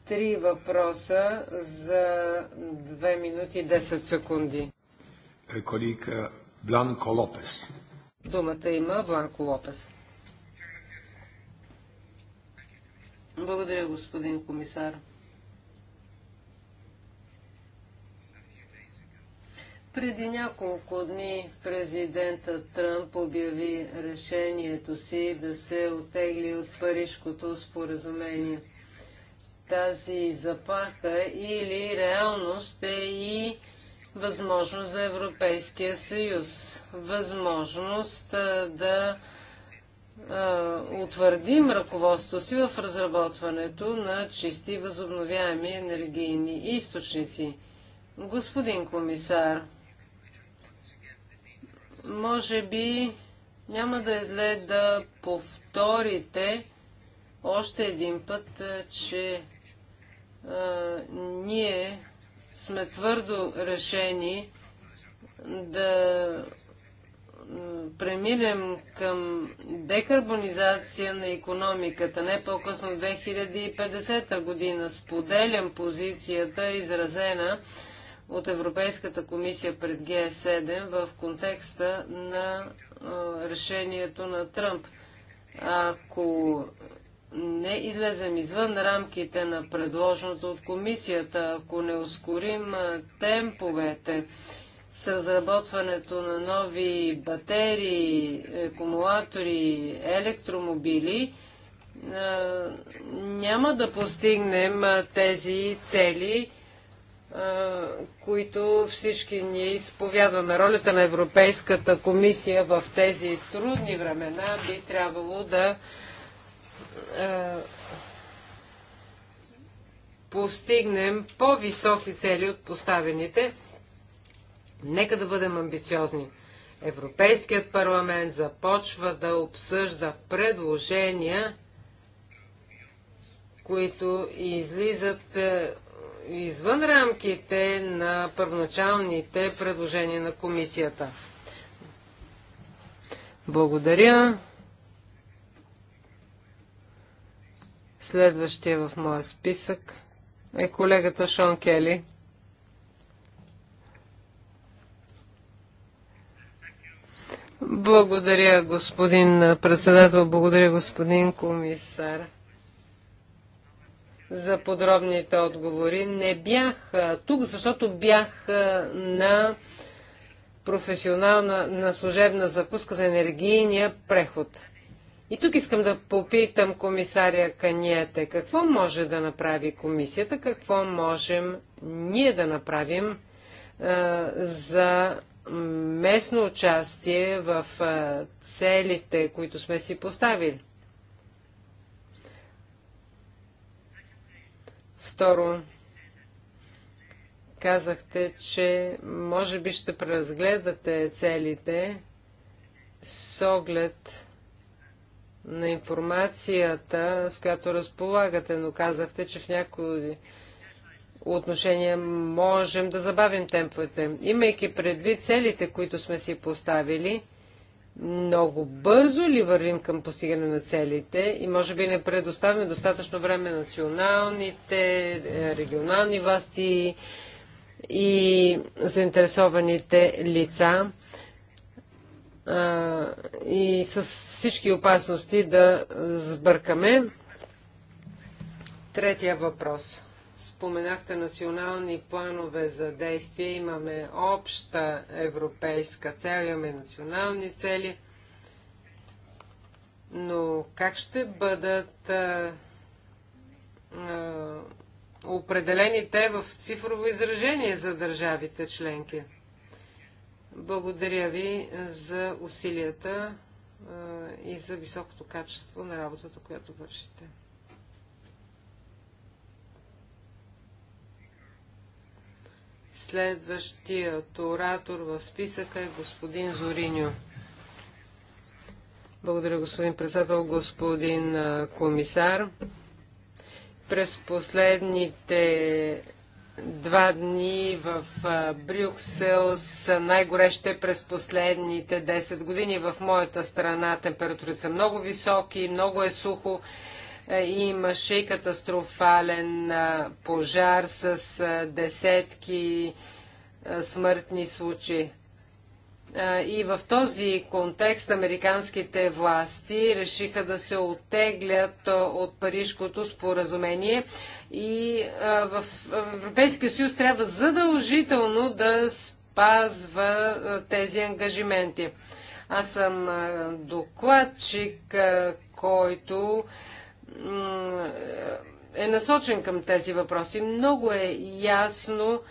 [SPEAKER 3] Три въпроса за 2 минути и 10 секунди.
[SPEAKER 2] Еколика Бланко Лопес.
[SPEAKER 3] Думата има Бланко Лопес. Благодаря, господин комисар. Преди няколко дни президента Тръмп обяви решението си да се отегли от Парижкото споразумение. Тази заплаха или реалност е и възможност за Европейския съюз. Възможност да утвърдим ръководство си в разработването на чисти възобновяеми енергийни източници. Господин комисар, може би няма да е зле да повторите още един път, че а, ние сме твърдо решени да преминем към декарбонизация на економиката не по-късно 2050 година. Споделям позицията, изразена от Европейската комисия пред Г7 в контекста на решението на Тръмп. Ако не излезем извън рамките на предложеното от комисията, ако не ускорим темповете, с разработването на нови батерии, акумулатори, електромобили, е, няма да постигнем е, тези цели, е, които всички ние изповядваме. Ролята на Европейската комисия в тези трудни времена би трябвало да постигнем по-високи цели от поставените. Нека да бъдем амбициозни. Европейският парламент започва да обсъжда предложения, които излизат е, извън рамките на първоначалните предложения на комисията. Благодаря. Следващия в моя списък е колегата Шон Кели. Благодаря, господин председател. Благодаря, господин комисар за подробните отговори. Не бях тук, защото бях на професионална, на служебна закуска за енергийния преход. И тук искам да попитам комисаря Каниете, какво може да направи комисията, какво можем ние да направим а, за местно участие в целите, които сме си поставили. Второ, казахте, че може би ще преразгледате целите с оглед на информацията, с която разполагате, но казахте, че в някои отношения можем да забавим темповете. Имайки предвид целите, които сме си поставили, много бързо ли вървим към постигане на целите и може би не предоставяме достатъчно време националните, е, регионални власти и заинтересованите лица а, и с всички опасности да сбъркаме. Третия въпрос – Споменахте национални планове за действие. Имаме обща европейска цел, имаме национални цели. Но как ще бъдат а, а, определени те в цифрово изражение за държавите членки? Благодаря ви за усилията а, и за високото качество на работата, която вършите. Следващият оратор в списъка е господин Зориньо. Благодаря, господин председател, господин комисар. През последните два дни в Брюксел са най-горещите през последните 10 години. В моята страна температури са много високи, много е сухо. Е, имаше и катастрофален е, пожар с е, десетки смъртни случаи. И в този контекст американските власти решиха да се оттеглят от Парижкото споразумение и в Европейския съюз трябва задължително да спазва тези ангажименти. Аз съм докладчик, който е насочен към тези въпроси. Много е ясно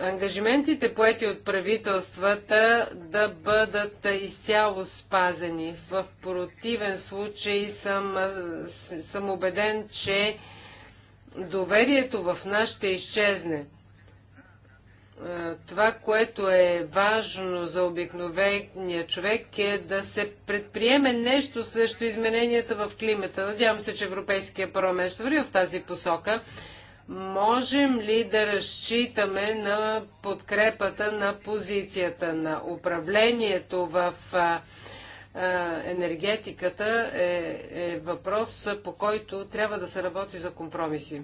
[SPEAKER 3] ангажиментите, поети от правителствата, да бъдат изцяло спазени. В противен случай съм, съм убеден, че доверието в нас ще изчезне. Е, това, което е важно за обикновения човек е да се предприеме нещо срещу измененията в климата. Надявам се, че Европейския парламент ще върви в тази посока. Можем ли да разчитаме на подкрепата на позицията на управлението в енергетиката е, е въпрос, по който трябва да се работи за компромиси.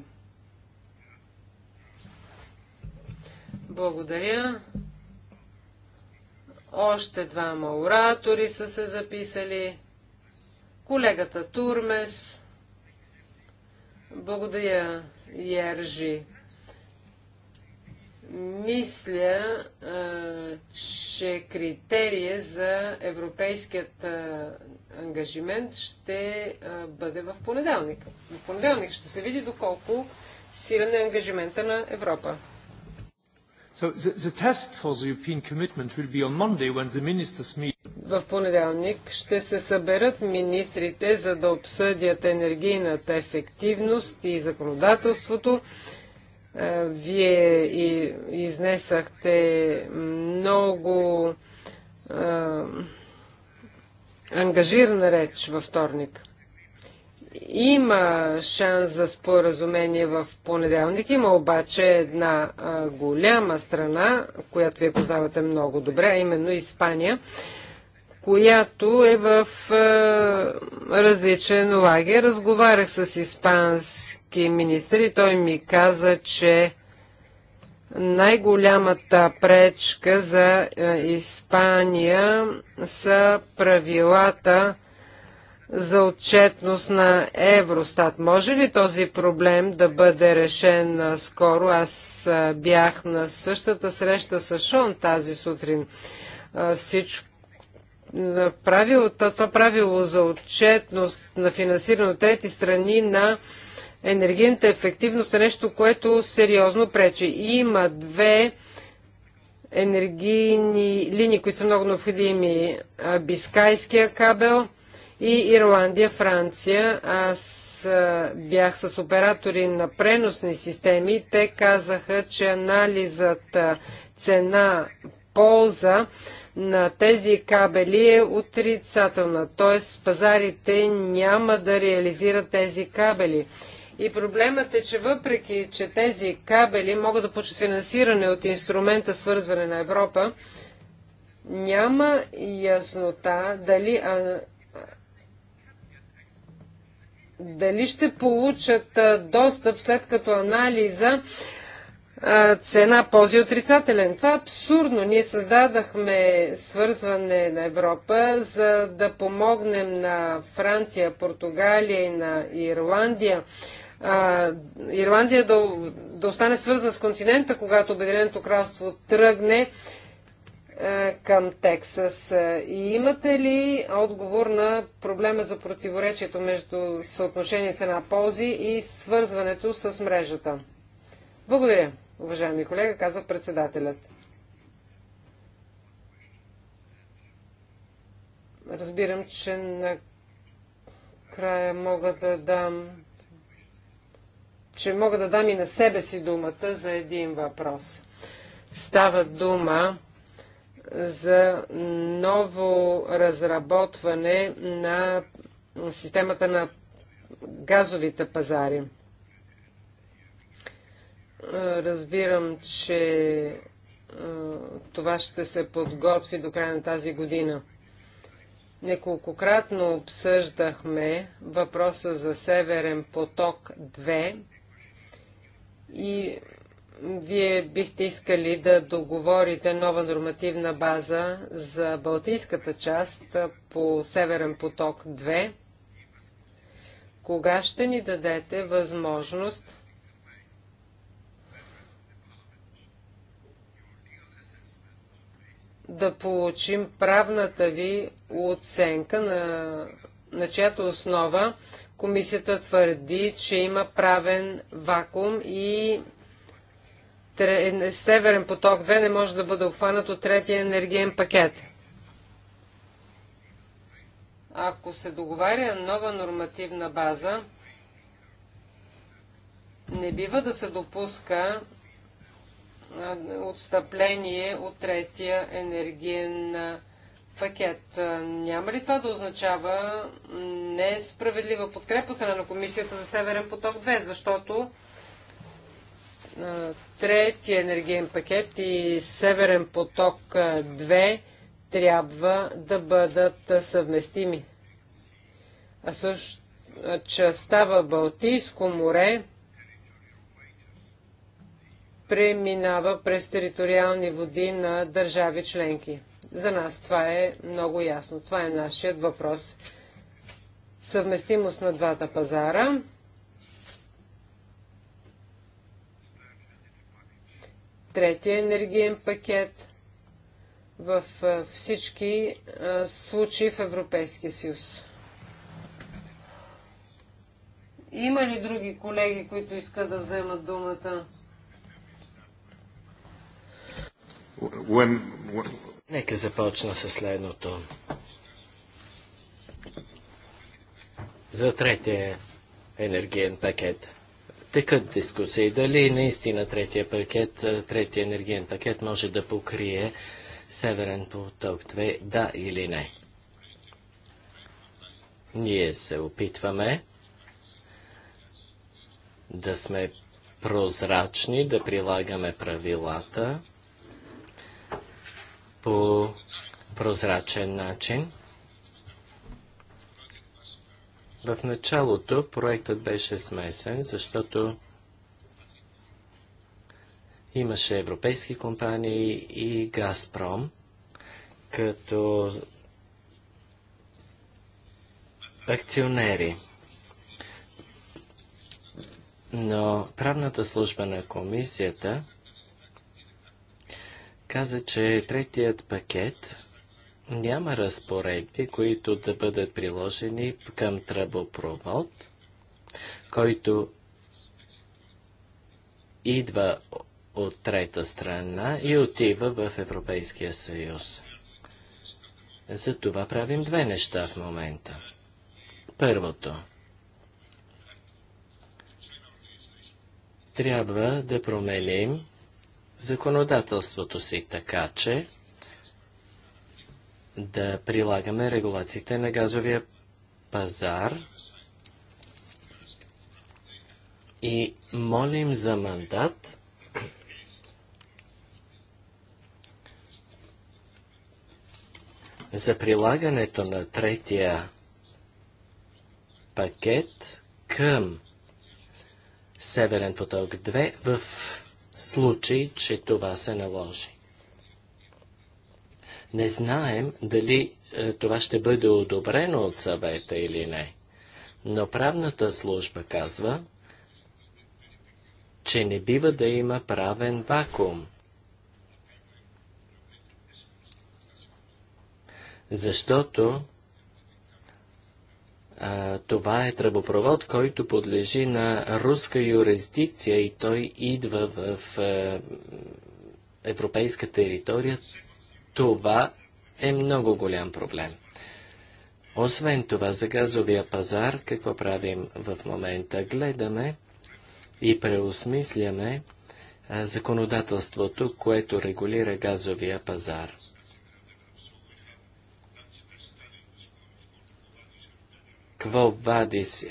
[SPEAKER 3] Благодаря. Още двама оратори са се записали. Колегата Турмес. Благодаря, Ержи. Мисля, че критерия за европейският ангажимент ще бъде в понеделник. В понеделник ще се види доколко силен е ангажимента на Европа. So the, the test for the European commitment will be on Monday when the ministers meet. В понеделник ще се съберат министрите, за да обсъдят енергийната ефективност и законодателството. Е, вие и изнесахте много а, е, ангажирана реч във вторник. Има шанс за споразумение в понеделник. Има обаче една а, голяма страна, която вие познавате много добре, а именно Испания, която е в а, различен лагер. Разговарях с испански министър и той ми каза, че най-голямата пречка за Испания са правилата, за отчетност на Евростат. Може ли този проблем да бъде решен скоро? Аз бях на същата среща с Шон тази сутрин. Всичко правило, това правило за отчетност на финансиране от трети страни на енергийната ефективност е нещо, което сериозно пречи. Има две енергийни линии, които са много необходими. Бискайския кабел – и Ирландия, Франция. Аз бях с оператори на преносни системи. Те казаха, че анализът цена полза на тези кабели е отрицателна, т.е. пазарите няма да реализират тези кабели. И проблемът е, че въпреки, че тези кабели могат да получат финансиране от инструмента свързване на Европа, няма яснота дали дали ще получат достъп след като анализа цена ползи отрицателен. Това е абсурдно. Ние създадахме свързване на Европа, за да помогнем на Франция, Португалия и на Ирландия. Ирландия да, да остане свързана с континента, когато Обединеното кралство тръгне е, към Тексас. Е, и имате ли отговор на проблема за противоречието между съотношение цена-ползи и свързването с мрежата? Благодаря, уважаеми колега, казва председателят. Разбирам, че на края мога да дам че мога да дам и на себе си думата за един въпрос. Става дума за ново разработване на системата на газовите пазари. Разбирам, че това ще се подготви до края на тази година. Неколкократно обсъждахме въпроса за Северен поток 2 и вие бихте искали да договорите нова нормативна база за Балтийската част по Северен поток 2. Кога ще ни дадете възможност да получим правната ви оценка, на, на чиято основа комисията твърди, че има правен вакуум и е, е, Северен поток 2 не може да бъде обхванат от третия енергиен пакет. Ако се договаря нова нормативна база, не бива да се допуска отстъпление от третия енергиен пакет. Няма ли това да означава несправедлива подкрепа на Комисията за Северен поток 2, защото третия енергиен пакет и Северен поток 2 трябва да бъдат съвместими. А също че става Балтийско море преминава през териториални води на държави членки. За нас това е много ясно. Това е нашият въпрос. Съвместимост на двата пазара. третия енергиен пакет, в всички случаи в Европейския съюз. Има ли други колеги, които искат да вземат думата?
[SPEAKER 2] When, when... Нека започна с следното. За третия енергиен пакет – текат дискусии дали наистина третия пакет, третия енергиен пакет може да покрие Северен поток 2, да или не. Ние се опитваме да сме прозрачни, да прилагаме правилата по прозрачен начин. В началото проектът беше смесен, защото имаше европейски компании и Газпром, като акционери. Но правната служба на комисията каза, че третият пакет няма разпоредби, които да бъдат приложени към тръбопровод, който идва от трета страна и отива в Европейския съюз. За това правим две неща в момента. Първото. Трябва да променим законодателството си така, че да прилагаме регулациите на газовия пазар и молим за мандат за прилагането на третия пакет към Северен поток 2 в случай, че това се наложи. Не знаем дали е, това ще бъде одобрено от съвета или не. Но правната служба казва, че не бива да има правен вакуум. Защото а, това е тръбопровод, който подлежи на руска юрисдикция и той идва в а, е, европейска територия това е много голям проблем. Освен това, за газовия пазар, какво правим в момента? Гледаме и преосмисляме законодателството, което регулира газовия пазар. Кво Вадис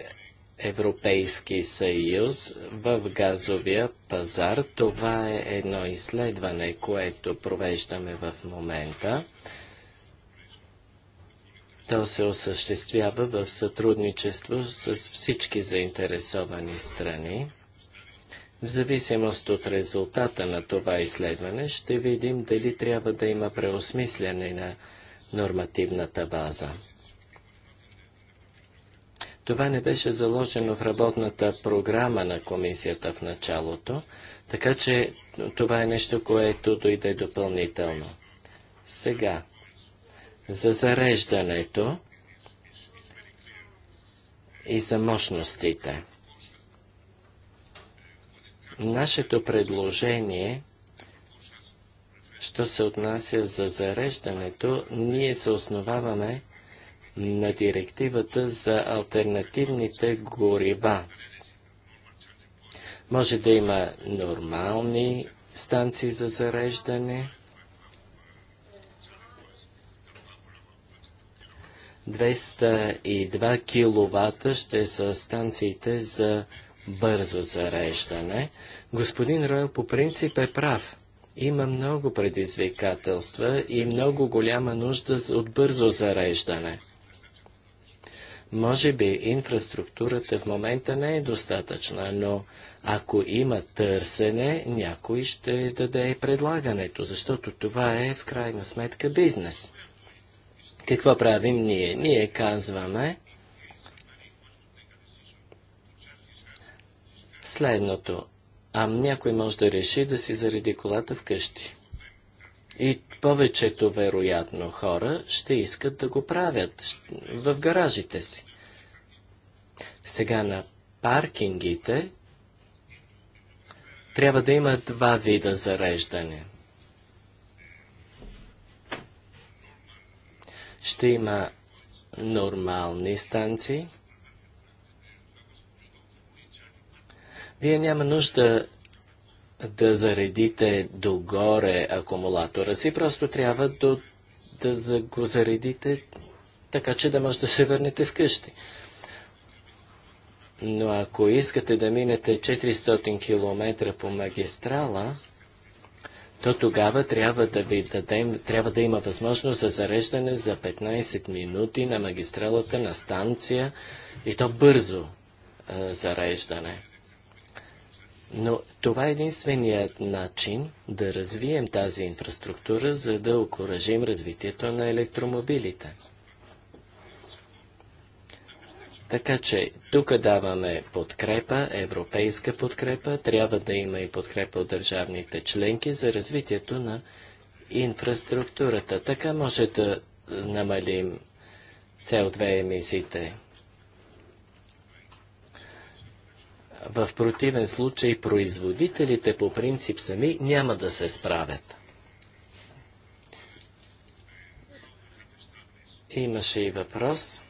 [SPEAKER 2] Европейски съюз в газовия пазар. Това е едно изследване, което провеждаме в момента. То се осъществява в сътрудничество с всички заинтересовани страни. В зависимост от резултата на това изследване ще видим дали трябва да има преосмисляне на нормативната база. Това не беше заложено в работната програма на комисията в началото, така че това е нещо, което дойде допълнително. Сега, за зареждането и за мощностите. Нашето предложение, що се отнася за зареждането, ние се основаваме на директивата за альтернативните горива. Може да има нормални станции за зареждане. 202 кВт ще са станциите за бързо зареждане. Господин Ройл по принцип е прав. Има много предизвикателства и много голяма нужда от бързо зареждане. Може би инфраструктурата в момента не е достатъчна, но ако има търсене, някой ще даде и предлагането, защото това е в крайна сметка бизнес. Какво правим ние? Ние казваме следното. А някой може да реши да си зареди колата вкъщи. И повечето вероятно хора ще искат да го правят в гаражите си. Сега на паркингите трябва да има два вида зареждане. Ще има нормални станции. Вие няма нужда да заредите догоре акумулатора си, просто трябва до, да го заредите така, че да може да се върнете вкъщи. Но ако искате да минете 400 км по магистрала, то тогава трябва да ви дадем, трябва да има възможност за зареждане за 15 минути на магистралата на станция и то бързо е, зареждане. Но това е единственият начин да развием тази инфраструктура, за да окоръжим развитието на електромобилите. Така че тук даваме подкрепа, европейска подкрепа, трябва да има и подкрепа от държавните членки за развитието на инфраструктурата. Така може да намалим CO2 емисиите В противен случай производителите по принцип сами няма да се справят. Имаше и въпрос.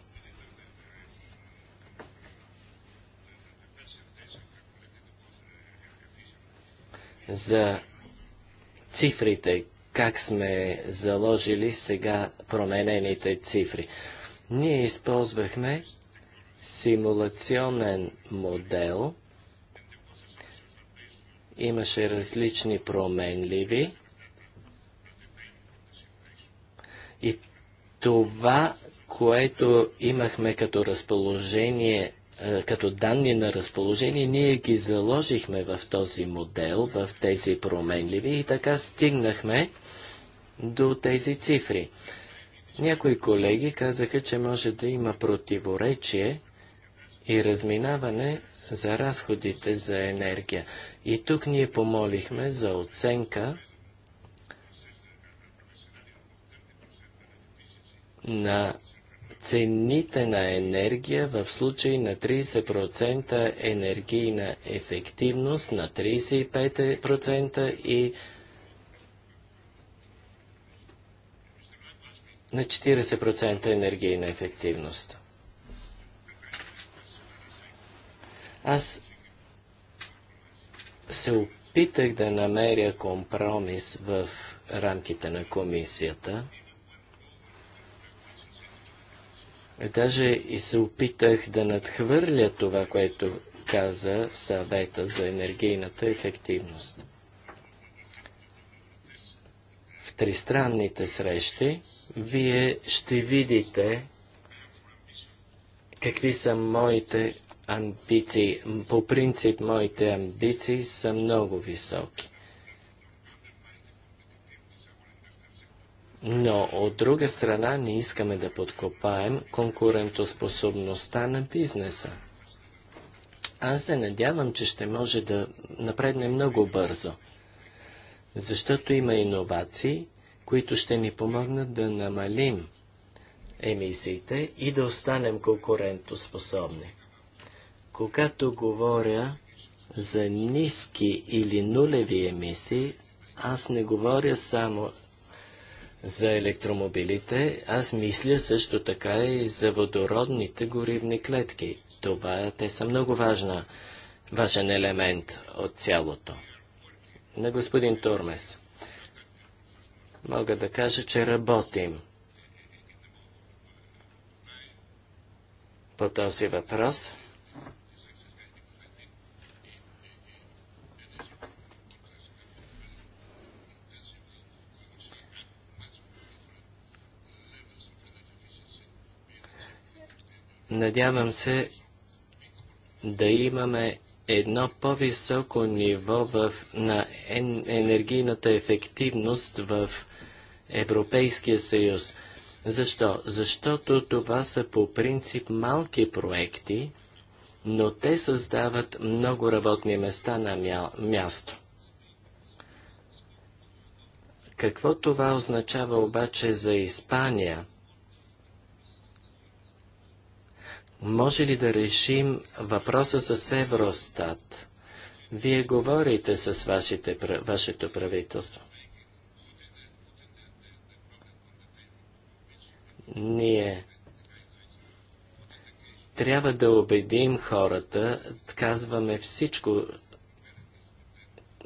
[SPEAKER 2] За цифрите, как сме заложили сега променените цифри. Ние използвахме симулационен модел. Имаше различни променливи. И това, което имахме като разположение, е, като данни на разположение, ние ги заложихме в този модел, в тези променливи и така стигнахме до тези цифри. Някои колеги казаха, че може да има противоречие и разминаване за разходите за енергия. И тук ние помолихме за оценка на цените на енергия в случай на 30% енергийна ефективност, на 35% и на 40% енергийна ефективност. Аз се опитах да намеря компромис в рамките на комисията. Даже и се опитах да надхвърля това, което каза съвета за енергийната ефективност. В тристранните срещи вие ще видите какви са моите амбиции. По принцип, моите амбиции са много високи. Но от друга страна не искаме да подкопаем конкурентоспособността на бизнеса. Аз се надявам, че ще може да напредне много бързо, защото има иновации, които ще ни помогнат да намалим емисиите и да останем конкурентоспособни. Когато говоря за ниски или нулеви емисии, аз не говоря само за електромобилите, аз мисля също така и за водородните горивни клетки. Това те са много важна, важен елемент от цялото. На господин Турмес мога да кажа, че работим по този въпрос – Надявам се да имаме едно по-високо ниво в, на енергийната ефективност в Европейския съюз. Защо? Защото това са по принцип малки проекти, но те създават много работни места на мя... място. Какво това означава обаче за Испания – Може ли да решим въпроса с Евростат? Вие говорите с вашите, вашето правителство. Ние трябва да убедим хората, казваме всичко,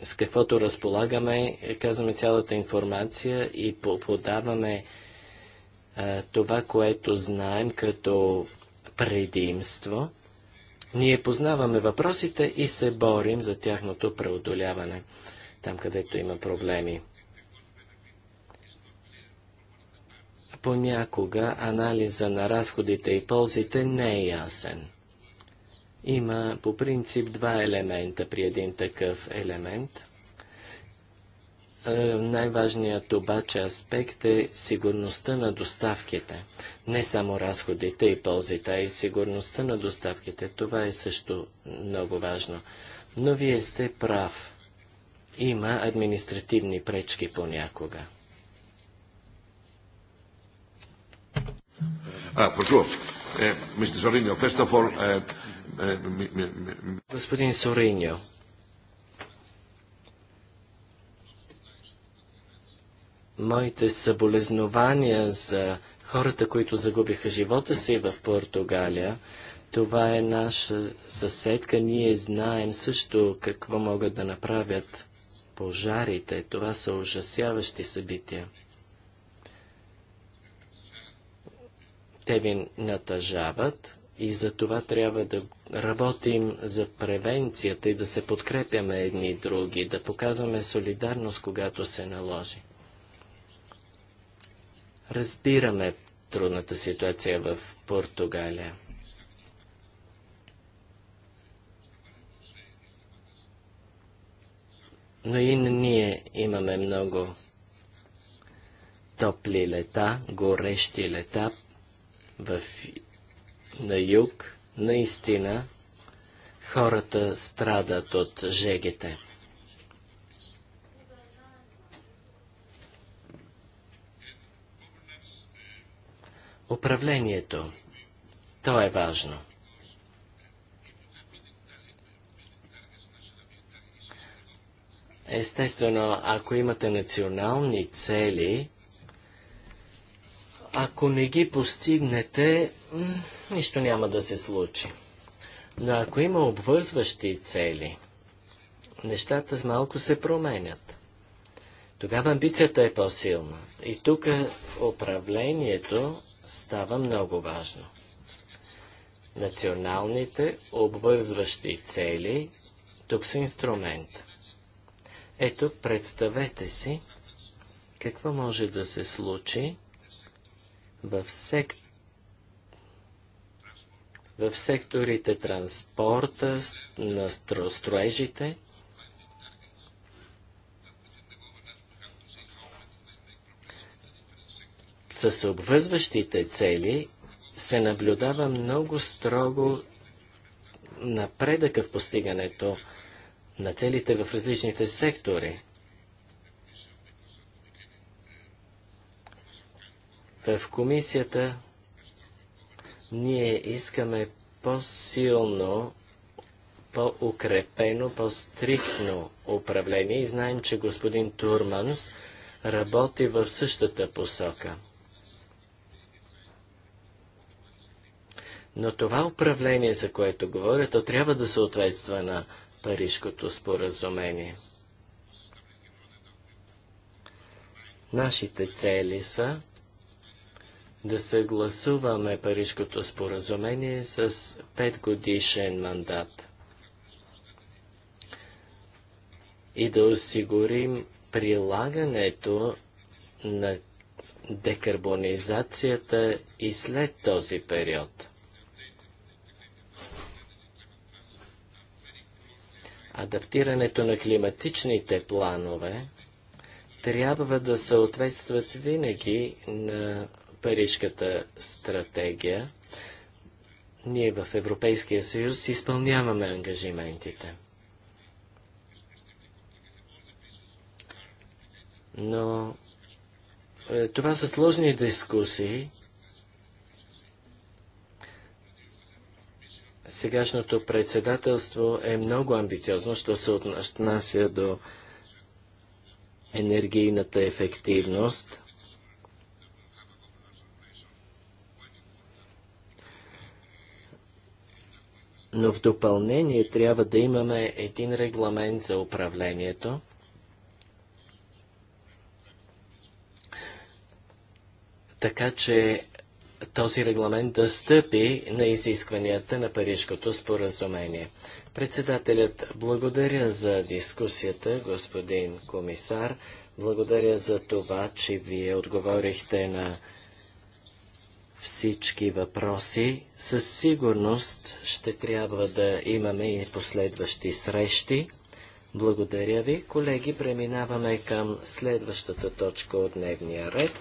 [SPEAKER 2] с каквото разполагаме, казваме цялата информация и подаваме това, което знаем като предимство. Ние познаваме въпросите и се борим за тяхното преодоляване, там където има проблеми. Понякога анализа на разходите и ползите не е ясен. Има по принцип два елемента при един такъв елемент – е, най-важният обаче аспект е сигурността на доставките. Не само разходите и ползите, а и сигурността на доставките. Това е също много важно. Но вие сте прав. Има административни пречки понякога. А, е, for е, Господин Сориньо, моите съболезнования за хората, които загубиха живота си в Португалия. Това е наша съседка. Ние знаем също какво могат да направят пожарите. Това са ужасяващи събития. Те ви натъжават и за това трябва да работим за превенцията и да се подкрепяме едни и други, да показваме солидарност, когато се наложи. Разбираме трудната ситуация в Португалия. Но и ние имаме много топли лета, горещи лета в, на юг. Наистина хората страдат от жегите. управлението. То е важно. Естествено, ако имате национални цели, ако не ги постигнете, нищо няма да се случи. Но ако има обвързващи цели, нещата с малко се променят. Тогава амбицията е по-силна. И тук управлението става много важно. Националните обвързващи цели, тук са инструмент. Ето, представете си какво може да се случи в, сек... във секторите транспорта, на строежите – с обвързващите цели се наблюдава много строго напредъка в постигането на целите в различните сектори. В комисията ние искаме по-силно, по-укрепено, по-стриктно управление и знаем, че господин Турманс работи в същата посока – Но това управление, за което говоря, то трябва да съответства на Парижкото споразумение. Нашите цели са да съгласуваме Парижкото споразумение с 5 годишен мандат и да осигурим прилагането на декарбонизацията и след този период – адаптирането на климатичните планове трябва да съответстват винаги на Парижката стратегия. Ние в Европейския съюз изпълняваме ангажиментите. Но е, това са сложни дискусии, сегашното председателство е много амбициозно, що се отнася до енергийната ефективност. Но в допълнение трябва да имаме един регламент за управлението. Така че този регламент да стъпи на изискванията на Парижкото споразумение. Председателят, благодаря за дискусията, господин комисар. Благодаря за това, че вие отговорихте на всички въпроси. Със сигурност ще трябва да имаме и последващи срещи. Благодаря ви, колеги. Преминаваме към следващата точка от дневния ред.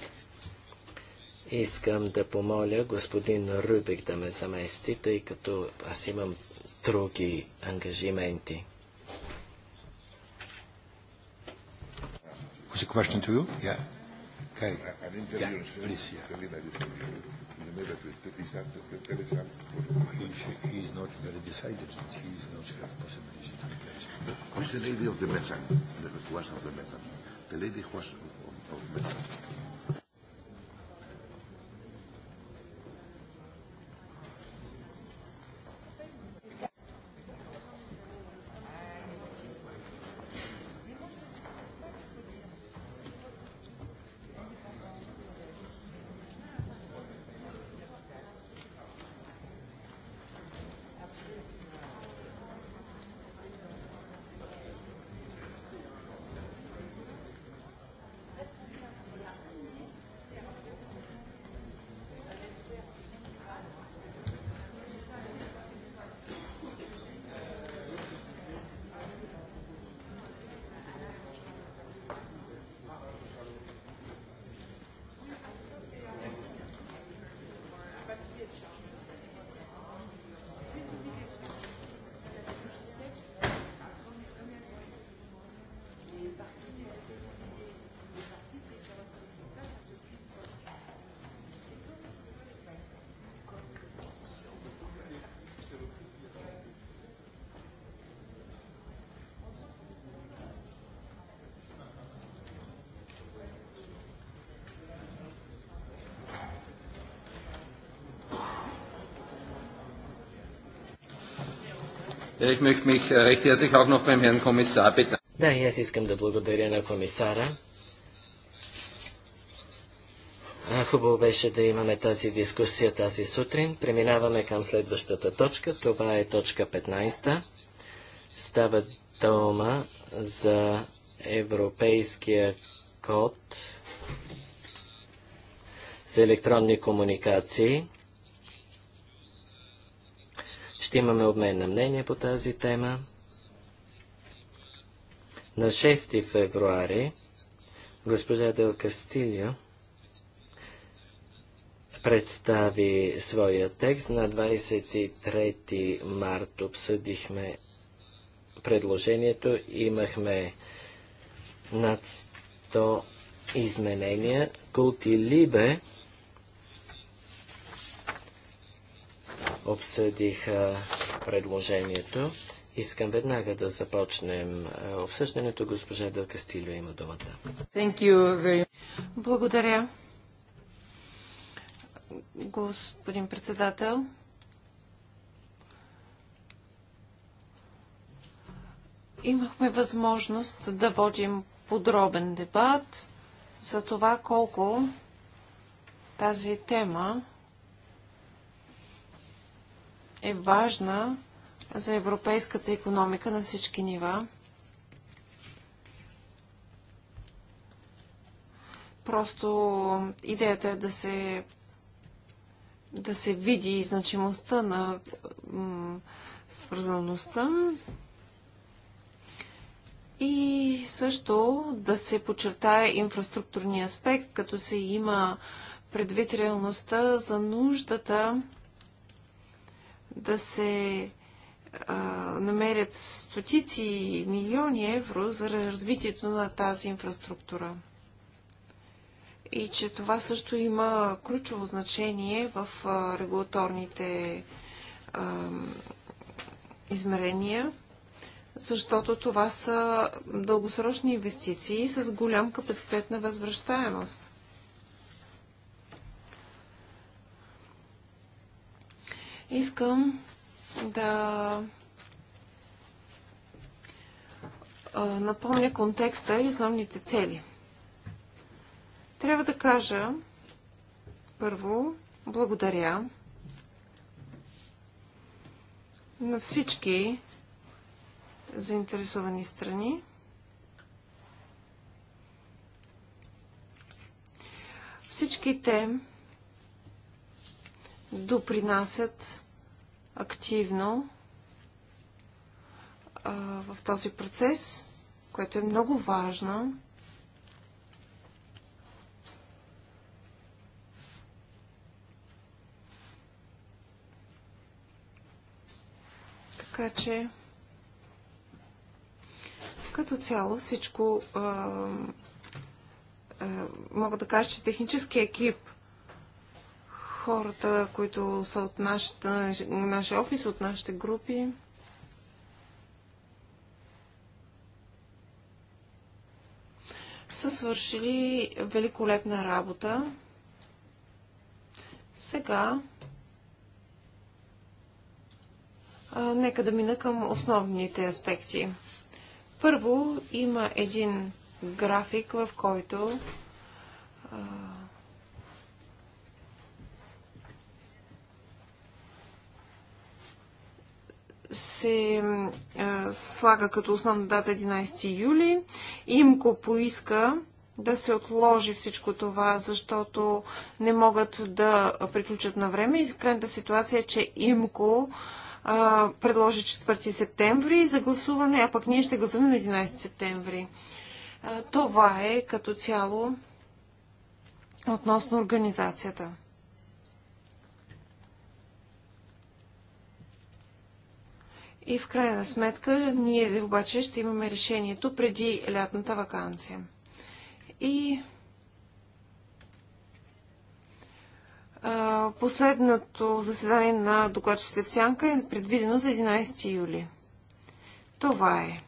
[SPEAKER 2] Искам да помоля господин Рубик да ме замести, тъй като аз имам други ангажименти.
[SPEAKER 1] Was a question to you?
[SPEAKER 2] Yeah. Okay. Yeah, please. Yeah. He is not very decided. He is not have possibility to replace.
[SPEAKER 1] Who's the lady of the method? The, was of the method. The lady was of, of method.
[SPEAKER 2] Е, е, да, и аз искам да благодаря на комисара. Хубаво беше да имаме тази дискусия тази сутрин. Преминаваме към следващата точка. Това е точка 15. Става дума за Европейския код за електронни комуникации. Ще имаме обмен на мнение по тази тема. На 6 февруари госпожа Дел Кастилио представи своя текст. На 23 март обсъдихме предложението. Имахме над 100 изменения. Култи Либе обсъдиха предложението. Искам веднага да започнем обсъждането. Госпожа Дел Кастилио има
[SPEAKER 1] думата. Благодаря, господин председател. Имахме възможност да водим подробен дебат за това колко тази тема е важна за европейската економика на всички нива. Просто идеята е да се, да се види значимостта на свързаността и също да се подчертае инфраструктурния аспект, като се има предвид реалността за нуждата да се а, намерят стотици милиони евро за развитието на тази инфраструктура. И че това също има ключово значение в а, регулаторните а, измерения, защото това са дългосрочни инвестиции с голям капацитет на възвръщаемост. Искам да напомня контекста и основните цели. Трябва да кажа първо благодаря на всички заинтересовани страни. Всички те допринасят активно в този процес, което е много важно. Така че, като цяло всичко мога да кажа, че технически екип хората, които са от нашата, нашия офис, от нашите групи. са свършили великолепна работа. Сега а, нека да мина към основните аспекти. Първо има един график, в който а, се а, слага като основна дата 11 юли. Имко поиска да се отложи всичко това, защото не могат да приключат на време. И крайната ситуация е, че Имко а, предложи 4 септември за гласуване, а пък ние ще гласуваме на 11 септември. А, това е като цяло относно организацията. И в крайна сметка ние обаче ще имаме решението преди лятната вакансия. И последното заседание на докладчите в Сянка е предвидено за 11 юли. Това е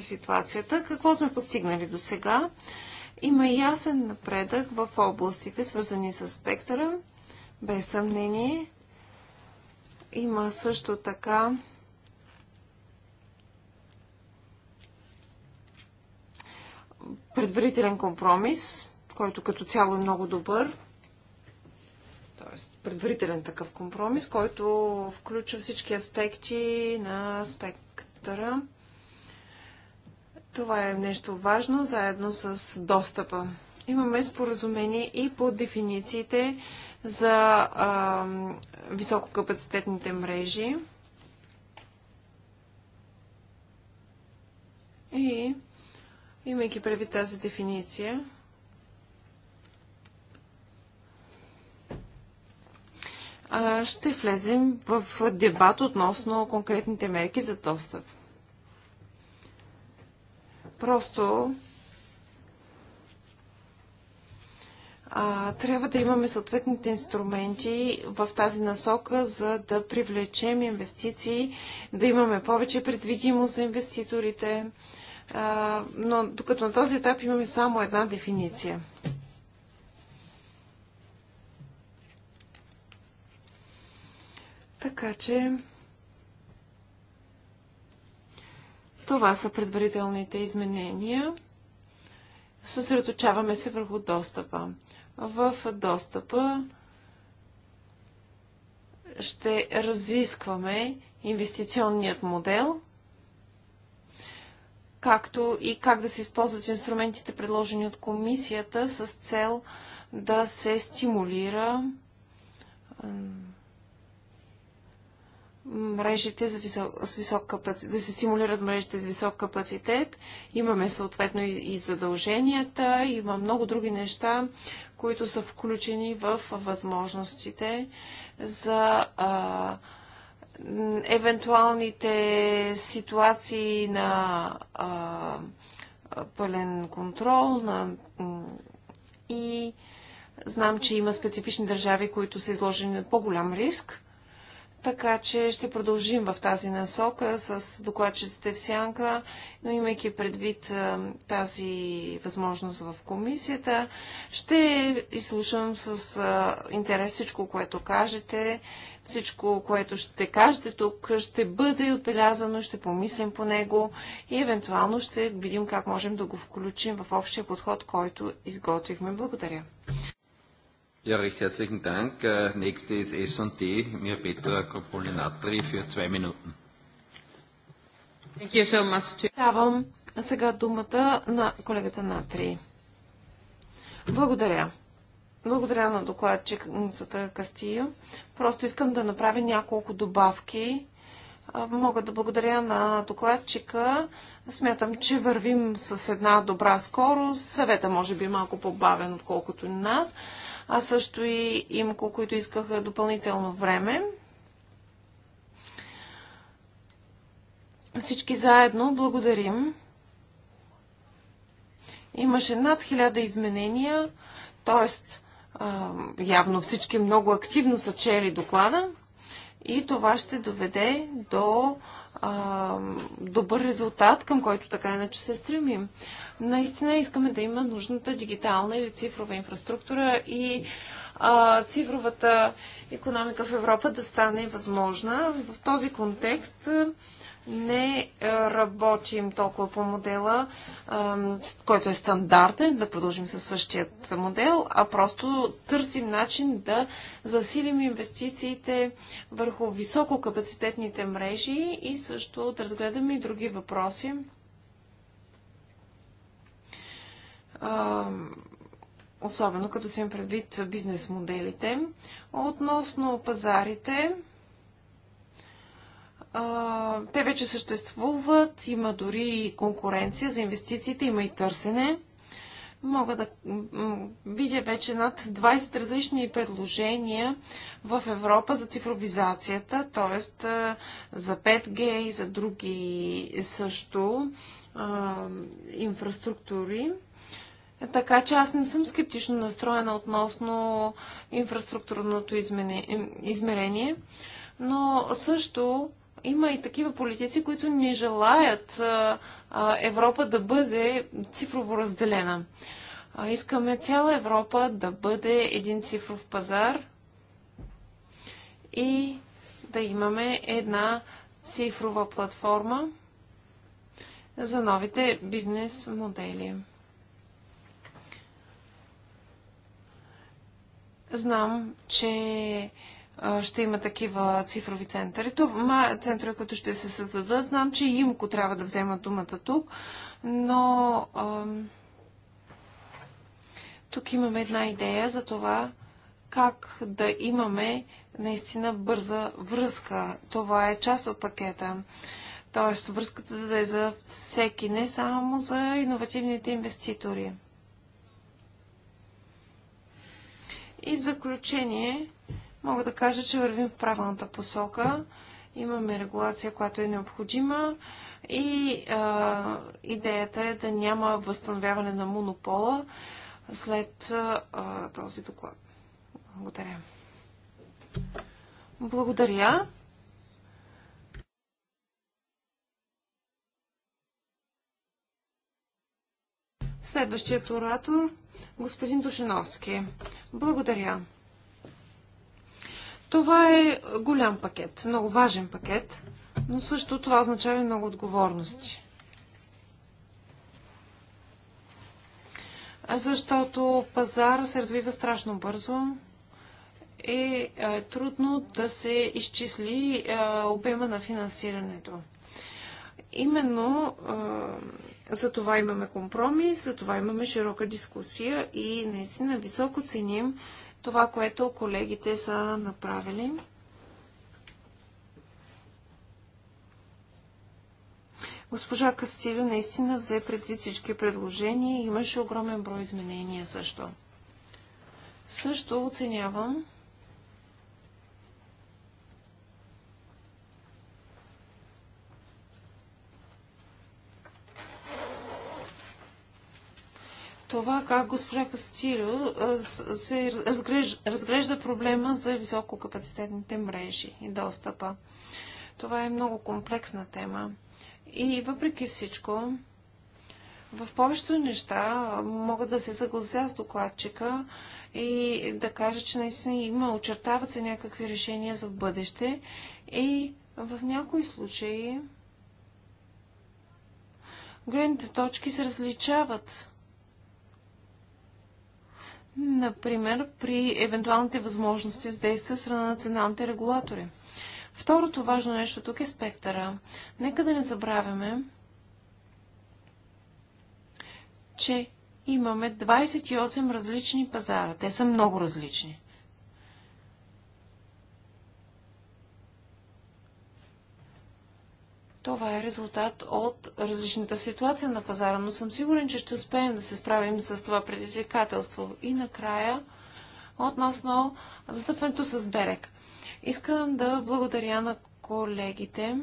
[SPEAKER 1] ситуацията. Какво сме постигнали до сега? Има ясен напредък в областите, свързани с спектъра, без съмнение. Има също така предварителен компромис, който като цяло е много добър. Тоест, предварителен такъв компромис, който включва всички аспекти на спектъра. Това е нещо важно, заедно с достъпа. Имаме споразумение и по дефинициите за а, висококапацитетните мрежи. И Имайки преди тази дефиниция, ще влезем в дебат относно конкретните мерки за достъп. Просто трябва да имаме съответните инструменти в тази насока, за да привлечем инвестиции, да имаме повече предвидимост за инвеститорите, но докато на този етап имаме само една дефиниция. Така че това са предварителните изменения. Съсредоточаваме се върху достъпа. В достъпа ще разискваме инвестиционният модел както и как да се използват инструментите, предложени от комисията, с цел да се стимулира мрежите за висок, с висок капацитет, да се стимулират мрежите с висок капацитет. Имаме съответно и задълженията, има много други неща, които са включени в възможностите за а, евентуалните ситуации на а, пълен контрол на, и знам, че има специфични държави, които са изложени на по-голям риск. Така че ще продължим в тази насока с докладчиците в сянка, но имайки предвид тази възможност в комисията, ще изслушам с интерес всичко, което кажете. Всичко, което ще кажете тук, ще бъде отбелязано, ще помислим по него и евентуално ще видим как можем да го включим в общия подход, който изготвихме. Благодаря.
[SPEAKER 2] Ja, recht herzlichen Dank. Äh, nächste ist S&D, mir Petra
[SPEAKER 1] Kopolinatri für zwei Minuten. Thank you so much. Давам сега думата на колегата Натри. Благодаря. Благодаря на докладчиката Кастия. Просто искам да направя няколко добавки. Е, мога да благодаря на докладчика Смятам, че вървим с една добра скорост. Съвета може би е малко по-бавен, отколкото и нас. А също и имко, които искаха допълнително време. Всички заедно благодарим. Имаше над хиляда изменения, т.е. явно всички много активно са чели доклада и това ще доведе до а, добър резултат, към който така иначе се стремим. Наистина искаме да има нужната дигитална или цифрова инфраструктура и а, цифровата економика в Европа да стане възможна. В този контекст не е, работим толкова по модела, е, който е стандартен, да продължим със същият модел, а просто търсим начин да засилим инвестициите върху висококапацитетните мрежи и също да разгледаме и други въпроси. Е, особено като си им предвид бизнес моделите. Относно пазарите, те вече съществуват, има дори конкуренция за инвестициите, има и търсене. Мога да видя вече над 20 различни предложения в Европа за цифровизацията, т.е. за 5G и за други също инфраструктури. Така че аз не съм скептично настроена относно инфраструктурното измерение, но също има и такива политици, които не желаят а, Европа да бъде цифрово разделена. А, искаме цяла Европа да бъде един цифров пазар и да имаме една цифрова платформа за новите бизнес модели. Знам, че ще има такива цифрови центъри. Това центрове, които ще се създадат. Знам, че и имко трябва да взема думата тук, но тук имаме една идея за това как да имаме наистина бърза връзка. Това е част от пакета. Тоест, връзката да е за всеки, не само за иновативните инвеститори. И в заключение, мога да кажа, че вървим в правилната посока. Имаме регулация, която е необходима и а, идеята е да няма възстановяване на монопола след а, този доклад. Благодаря. Благодаря. Следващият оратор, господин Душиновски. Благодаря. Това е голям пакет, много важен пакет, но също това означава и много отговорности. Защото пазар се развива страшно бързо и е трудно да се изчисли е, обема на финансирането. Именно е, за това имаме компромис, за това имаме широка дискусия и наистина високо ценим това, което колегите са направили. Госпожа Кастилю наистина взе предвид всички предложения и имаше огромен брой изменения също. Също оценявам това как госпожа Кастилио се разглежда, разглежда проблема за висококапацитетните мрежи и достъпа. Това е много комплексна тема. И въпреки всичко, в повечето неща мога да се съглася с докладчика и да кажа, че наистина има, очертават се някакви решения за бъдеще и в някои случаи гледните точки се различават например, при евентуалните възможности за действие страна на националните регулатори. Второто важно нещо тук е спектъра. Нека да не забравяме, че имаме 28 различни пазара. Те са много различни. Това е резултат от различната ситуация на пазара, но съм сигурен, че ще успеем да се справим с това предизвикателство. И накрая, относно застъпването с Берек. Искам да благодаря на колегите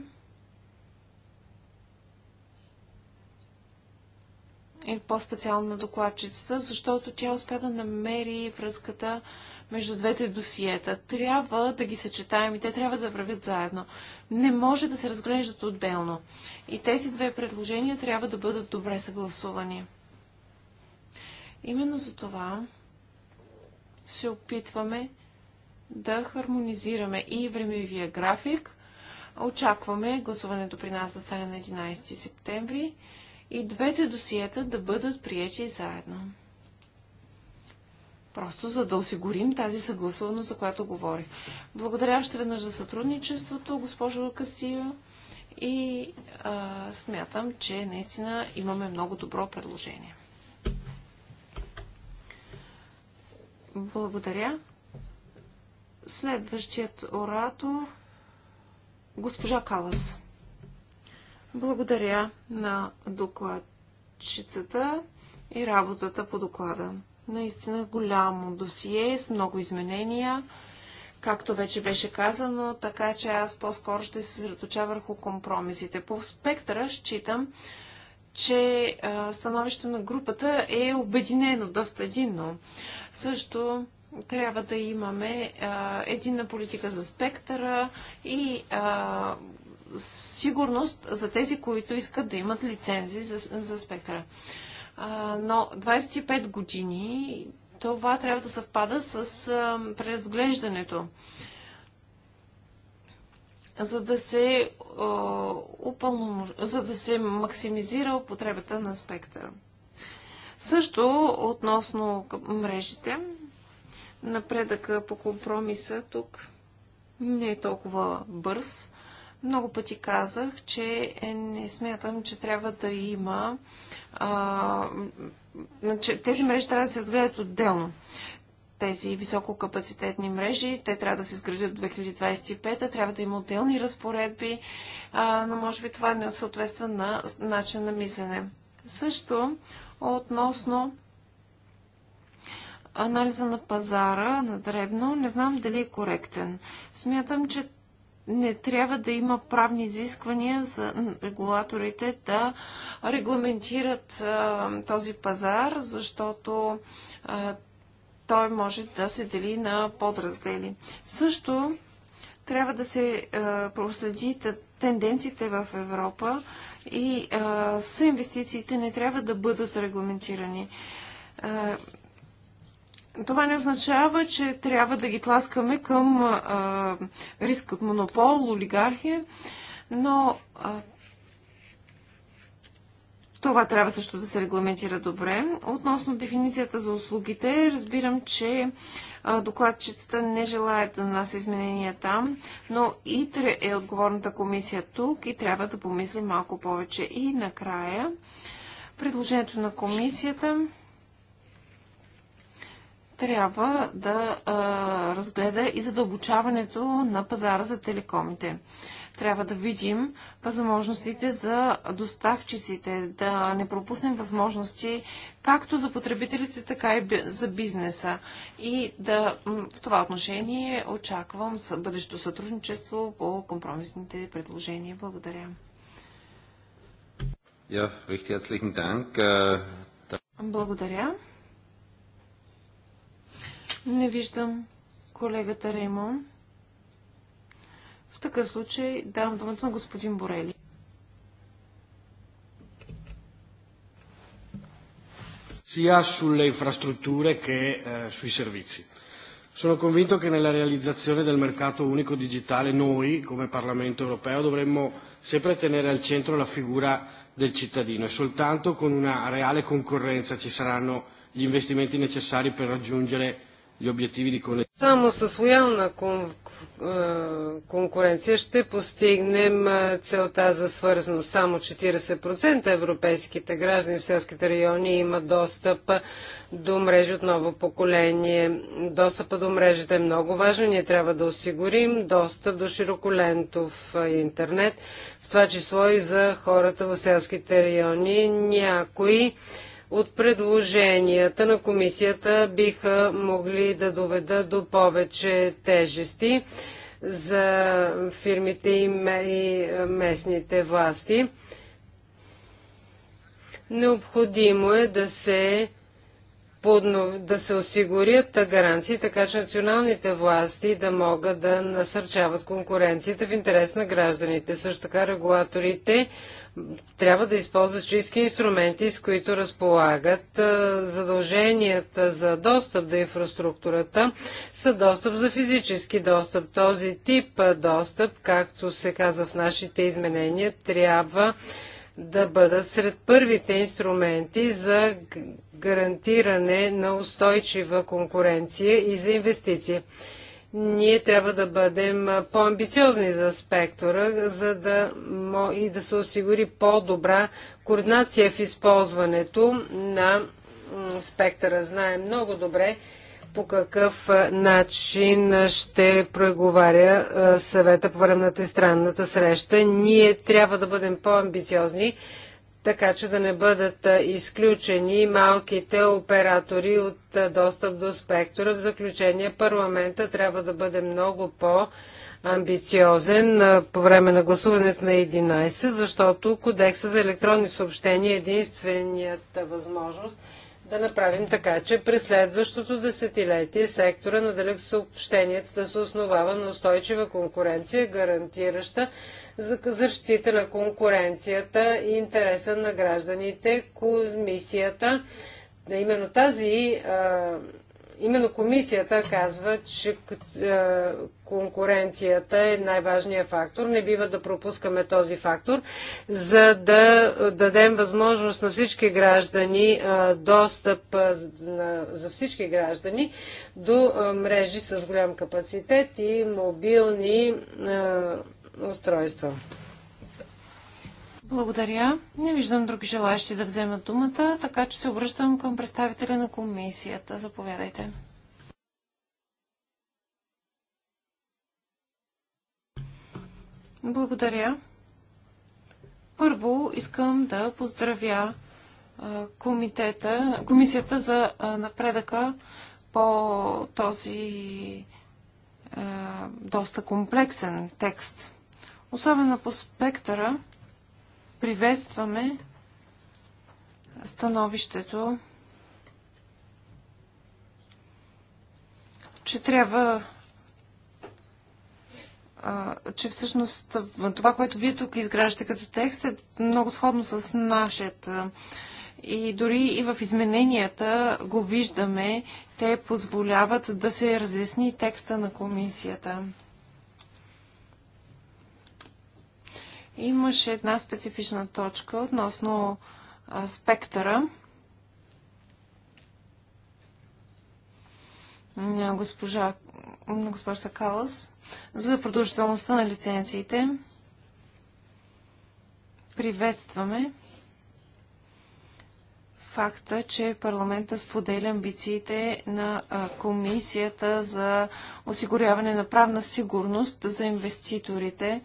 [SPEAKER 1] и по-специално на докладчицата, защото тя успя да намери връзката между двете досиета. Трябва да ги съчетаем и те трябва да вървят заедно. Не може да се разглеждат отделно. И тези две предложения трябва да бъдат добре съгласувани. Именно за това се опитваме да хармонизираме и времевия график. Очакваме гласуването при нас да стане на 11 септември и двете досиета да бъдат приети заедно. Просто за да осигурим тази съгласуваност, за която говорих. Благодаря още веднъж за сътрудничеството, госпожо Касия. И а, смятам, че наистина имаме много добро предложение. Благодаря. Следващият оратор госпожа Калас. Благодаря на докладчицата и работата по доклада. Наистина голямо досие с много изменения, както вече беше казано, така че аз по-скоро ще се съсредоточа върху компромисите. По спектъра считам, че становището на групата е обединено, доста единно. Също трябва да имаме а, единна политика за спектъра и а, сигурност за тези, които искат да имат лицензии за, за спектъра но 25 години това трябва да съвпада с а, преразглеждането, за да се, а, упълно, за да се максимизира употребата на спектъра. Също относно мрежите, напредъка по компромиса тук не е толкова бърз. Много пъти казах, че е, не смятам, че трябва да има. А, че тези мрежи трябва да се разгледат отделно. Тези висококапацитетни мрежи, те трябва да се изградят до 2025, трябва да има отделни разпоредби, а, но може би това не съответства на начин на мислене. Също относно анализа на пазара на дребно, не знам дали е коректен. Смятам, че не трябва да има правни изисквания за регулаторите да регламентират а, този пазар, защото а, той може да се дели на подраздели. Също трябва да се а, проследи тенденциите в Европа и съинвестициите не трябва да бъдат регламентирани това не означава, че трябва да ги тласкаме към а, риск от монопол, олигархия, но а, това трябва също да се регламентира добре. Относно дефиницията за услугите, разбирам, че а, докладчицата не желая да нанася изменения там, но ИТРЕ е отговорната комисия тук и трябва да помисли малко повече. И накрая, предложението на комисията трябва да а, разгледа и задълбочаването на пазара за телекомите. Трябва да видим възможностите за доставчиците, да не пропуснем възможности както за потребителите, така и за бизнеса. И да, в това отношение очаквам бъдещо сътрудничество по компромисните предложения. Благодаря. Äh, Благодаря. Не виждам колегата Реймон. В такъв случай давам думата на господин Борели.
[SPEAKER 2] sia sulle infrastrutture che eh, sui servizi. Sono convinto che nella realizzazione del mercato unico digitale noi, come Parlamento europeo, dovremmo sempre tenere al centro la figura del cittadino e soltanto con una reale concorrenza ci saranno gli investimenti necessari per raggiungere и обективи di connessione.
[SPEAKER 3] Само с лоялна кон... конкуренция ще постигнем целта за свързаност. Само 40% европейските граждани в селските райони имат достъп до мрежи от ново поколение. Достъпа до мрежата е много важен. Ние трябва да осигурим достъп до широколентов интернет, в това число и за хората в селските райони. Някои от предложенията на комисията биха могли да доведат до повече тежести за фирмите и местните власти. Необходимо е да се, да се осигурят гаранции, така че националните власти да могат да насърчават конкуренцията в интерес на гражданите. Също така регулаторите трябва да използват чистки инструменти, с които разполагат. Е, задълженията за достъп до инфраструктурата са достъп за физически достъп. Този тип е, достъп, както се казва в нашите изменения, трябва да бъдат сред първите инструменти за гарантиране на устойчива конкуренция и за инвестиции ние трябва да бъдем по-амбициозни за спектъра, за да и да се осигури по-добра координация в използването на спектъра. Знаем много добре по какъв начин ще преговаря съвета по време на тристранната среща. Ние трябва да бъдем по-амбициозни така че да не бъдат изключени малките оператори от достъп до спектъра. В заключение парламента трябва да бъде много по- амбициозен по време на гласуването на 11, защото Кодекса за електронни съобщения е единственият възможност да направим така, че през следващото десетилетие сектора на далек съобщенията да се основава на устойчива конкуренция, гарантираща за защита на конкуренцията и интереса на гражданите. Комисията, да именно тази, именно комисията казва, че конкуренцията е най-важният фактор. Не бива да пропускаме този фактор, за да дадем възможност на всички граждани, достъп за всички граждани до мрежи с голям капацитет и мобилни устройства.
[SPEAKER 1] Благодаря. Не виждам други желащи да вземат думата, така че се обръщам към представителя на комисията. Заповядайте. Благодаря. Първо искам да поздравя комитета, комисията за напредъка по този доста комплексен текст. Особено по спектъра приветстваме становището, че трябва че всъщност това, което вие тук изграждате като текст е много сходно с нашият. И дори и в измененията го виждаме, те позволяват да се разясни текста на комисията. имаше една специфична точка относно а, спектъра. на госпожа, на госпожа Сакалас за продължителността на лицензиите. Приветстваме факта, че парламента споделя амбициите на комисията за осигуряване на правна сигурност за инвеститорите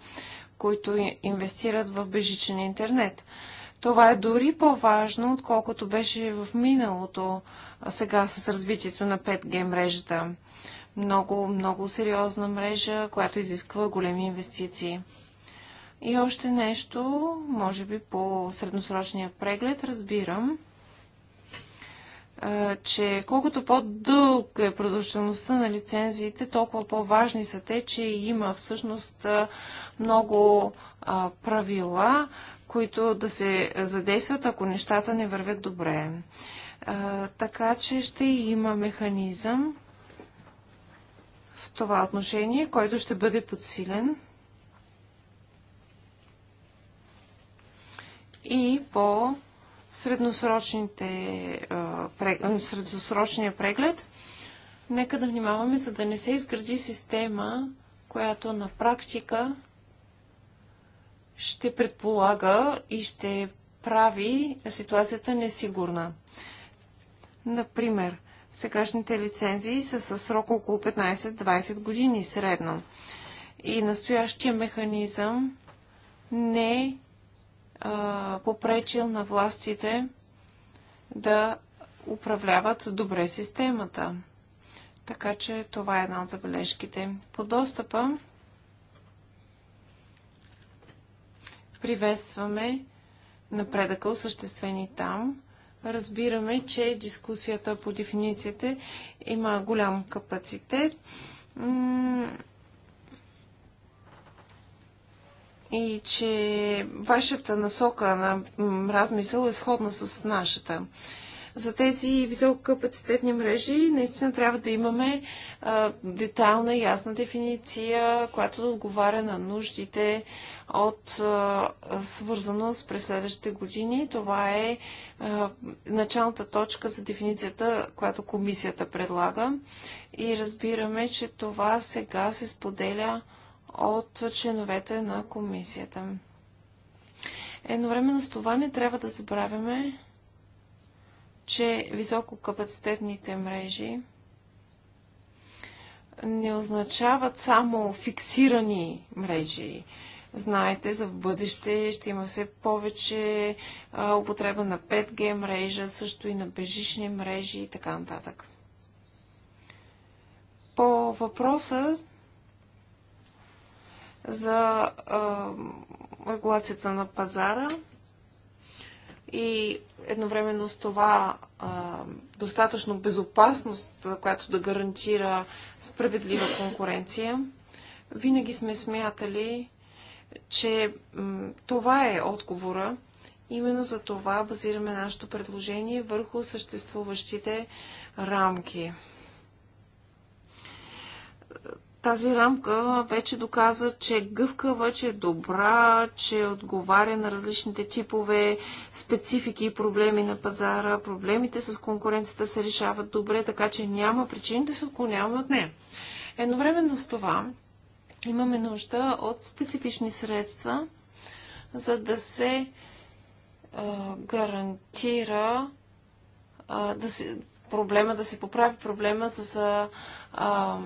[SPEAKER 1] които инвестират в бежичен интернет. Това е дори по-важно, отколкото беше в миналото, а сега с развитието на 5G мрежата. Много, много сериозна мрежа, която изисква големи инвестиции. И още нещо, може би по средносрочния преглед, разбирам, че колкото по-дълг е продължителността на лицензиите, толкова по-важни са те, че има всъщност много а, правила, които да се задействат, ако нещата не вървят добре. А, така че ще има механизъм в това отношение, който ще бъде подсилен. И по средносрочния преглед, нека да внимаваме, за да не се изгради система, която на практика ще предполага и ще прави ситуацията несигурна. Например, сегашните лицензии са със срок около 15-20 години средно. И настоящия механизъм не е попречил на властите да управляват добре системата. Така че това е една от забележките. По достъпа Приветстваме напредъка, осъществени там. Разбираме, че дискусията по дефинициите има голям капацитет. И че вашата насока на размисъл е сходна с нашата. За тези висококапацитетни мрежи наистина трябва да имаме а, детайлна, ясна дефиниция, която да отговаря на нуждите, от, свързано с през следващите години. Това е началната точка за дефиницията, която комисията предлага. И разбираме, че това сега се споделя от членовете на комисията. Едновременно с това не трябва да забравяме, че висококапацитетните мрежи не означават само фиксирани мрежи, Знаете, за в бъдеще ще има все повече а, употреба на 5G мрежа, също и на бежични мрежи и така нататък. По въпроса за а, регулацията на пазара и едновременно с това а, достатъчно безопасност, която да гарантира справедлива конкуренция, винаги сме смятали, че това е отговора. Именно за това базираме нашето предложение върху съществуващите рамки. Тази рамка вече доказа, че е гъвкава, че е добра, че отговаря на различните типове специфики и проблеми на пазара. Проблемите с конкуренцията се решават добре, така че няма причини да се отклоняваме от нея. Едновременно с това, имаме нужда от специфични средства, за да се гарантира да се, проблема, да се поправи проблема с а, а,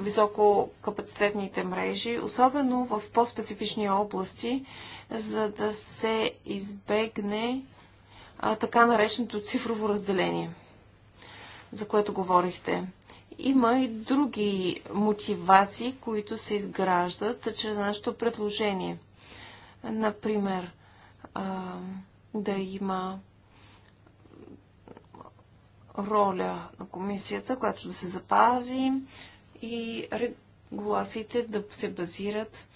[SPEAKER 1] висококапацитетните мрежи, особено в по-специфични области, за да се избегне а, така нареченото цифрово разделение, за което говорихте. Има и други мотивации, които се изграждат чрез нашето предложение. Например, да има роля на комисията, която да се запази и регулациите да се базират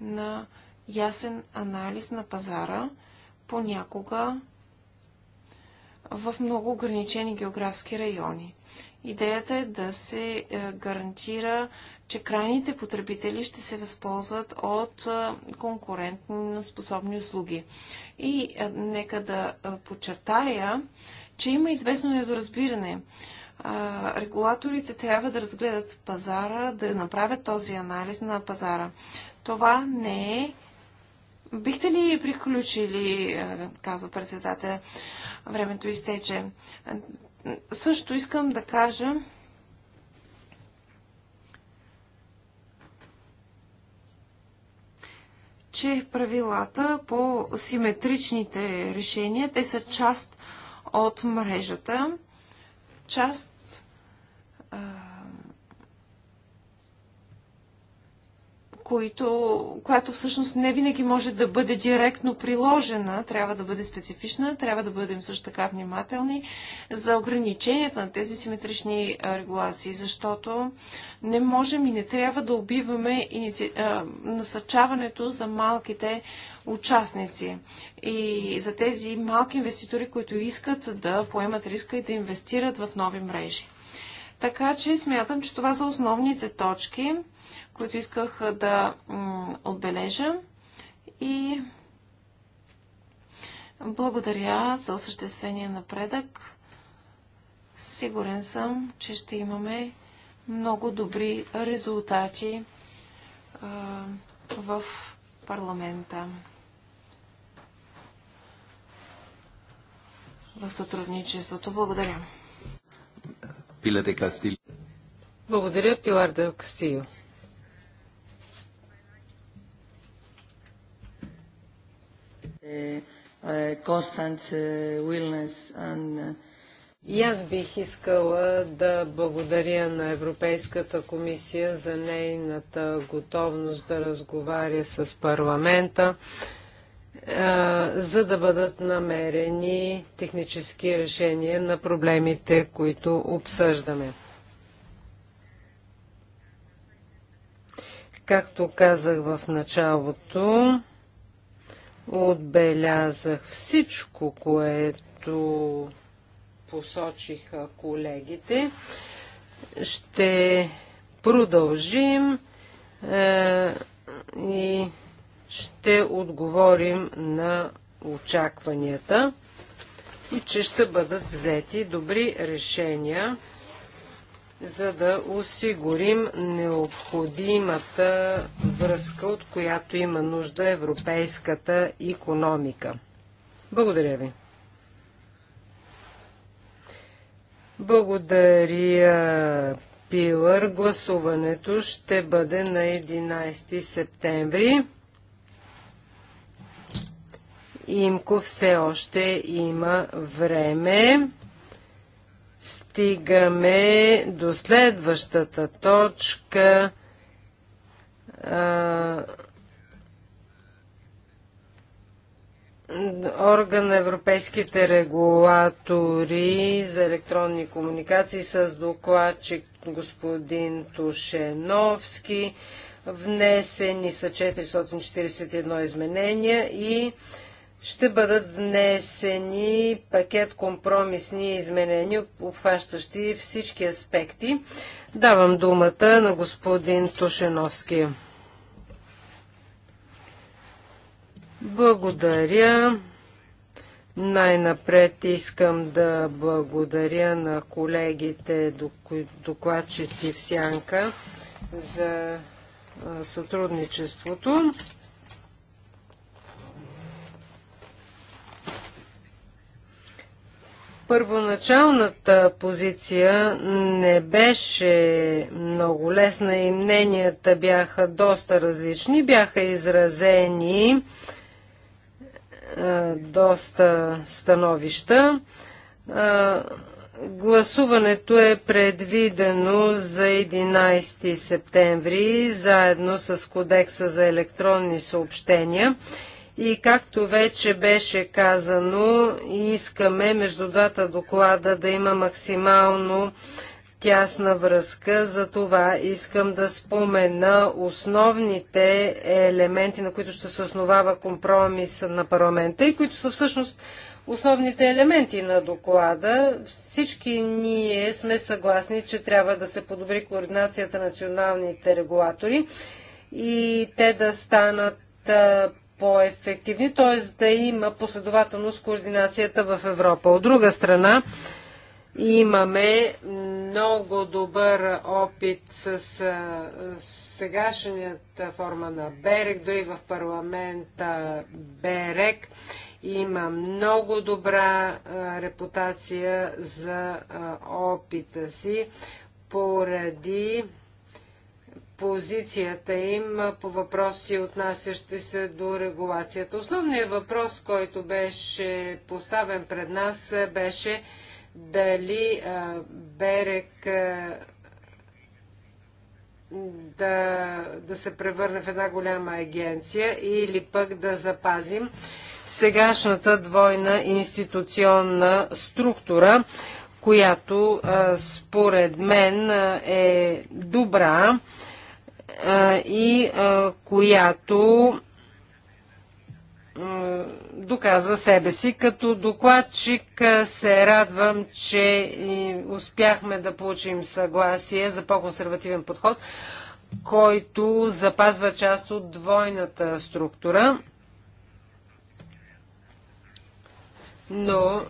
[SPEAKER 1] на ясен анализ на пазара, понякога в много ограничени географски райони. Идеята е да се е, гарантира, че крайните потребители ще се възползват от е, конкурентно способни услуги. И е, нека да подчертая, че има известно недоразбиране. регулаторите трябва да разгледат пазара, да направят този анализ на пазара. Това не е. Бихте ли приключили, казва председателя, времето изтече също искам да кажа, че правилата по симетричните решения, те са част от мрежата, част които, която всъщност не винаги може да бъде директно приложена, трябва да бъде специфична, трябва да бъдем също така внимателни за ограниченията на тези симетрични регулации, защото не можем и не трябва да убиваме иници... насъчаването за малките участници и за тези малки инвеститори, които искат да поемат риска и да инвестират в нови мрежи. Така че смятам, че това са основните точки които исках да отбележа. И благодаря за осъществения напредък. Сигурен съм, че ще имаме много добри резултати а, в парламента. В сътрудничеството. Благодаря.
[SPEAKER 3] Благодаря, Пилар Дел Кастио. constant willingness and и аз бих искала да благодаря на Европейската комисия за нейната готовност да разговаря с парламента, е, за да бъдат намерени технически решения на проблемите, които обсъждаме. Както казах в началото, Отбелязах всичко, което посочиха колегите. Ще продължим е, и ще отговорим на очакванията и че ще бъдат взети добри решения за да осигурим необходимата връзка, от която има нужда европейската економика. Благодаря ви. Благодаря, Пилър. Гласуването ще бъде на 11 септември. Имко все още има време стигаме до следващата точка. орган на европейските регулатори за електронни комуникации с докладчик господин Тушеновски. Внесени са 441 изменения и ще бъдат внесени пакет компромисни изменения, обхващащи всички аспекти. Давам думата на господин Тушеновски. Благодаря. Най-напред искам да благодаря на колегите докладчици в Сянка за сътрудничеството. Първоначалната позиция не беше много лесна и мненията бяха доста различни. Бяха изразени е, доста становища. Е, гласуването е предвидено за 11 септември заедно с Кодекса за електронни съобщения и както вече беше казано, искаме между двата доклада да има максимално тясна връзка. За това искам да спомена основните елементи, на които ще се основава компромис на парламента и които са всъщност основните елементи на доклада. Всички ние сме съгласни, че трябва да се подобри координацията на националните регулатори и те да станат по-ефективни, т.е. да има последователност координацията в Европа. От друга страна, имаме много добър опит с, сегашната форма на Берек, дори в парламента Берек има много добра репутация за опита си поради позицията им по въпроси, отнасящи се до регулацията. Основният въпрос, който беше поставен пред нас, беше дали Берек да, да се превърне в една голяма агенция или пък да запазим сегашната двойна институционна структура, която според мен е добра и която доказа себе си. Като докладчик се радвам, че успяхме да получим съгласие за по-консервативен подход, който запазва част от двойната структура, но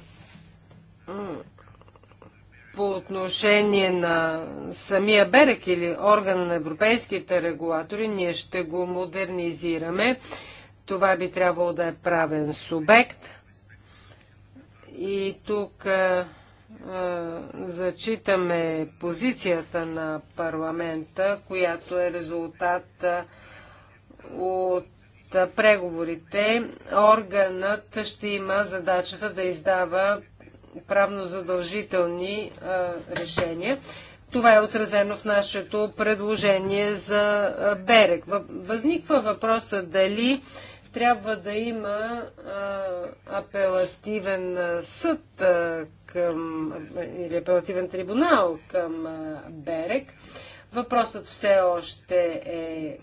[SPEAKER 3] по отношение на самия берег или органа на европейските регулатори, ние ще го модернизираме. Това би трябвало да е правен субект. И тук а, а, зачитаме позицията на парламента, която е резултат а, от преговорите. Органът ще има задачата да издава правно задължителни решения. Това е отразено в нашето предложение за Берег. Възниква въпроса дали трябва да има апелативен съд към, или апелативен трибунал към Берег. Въпросът все още е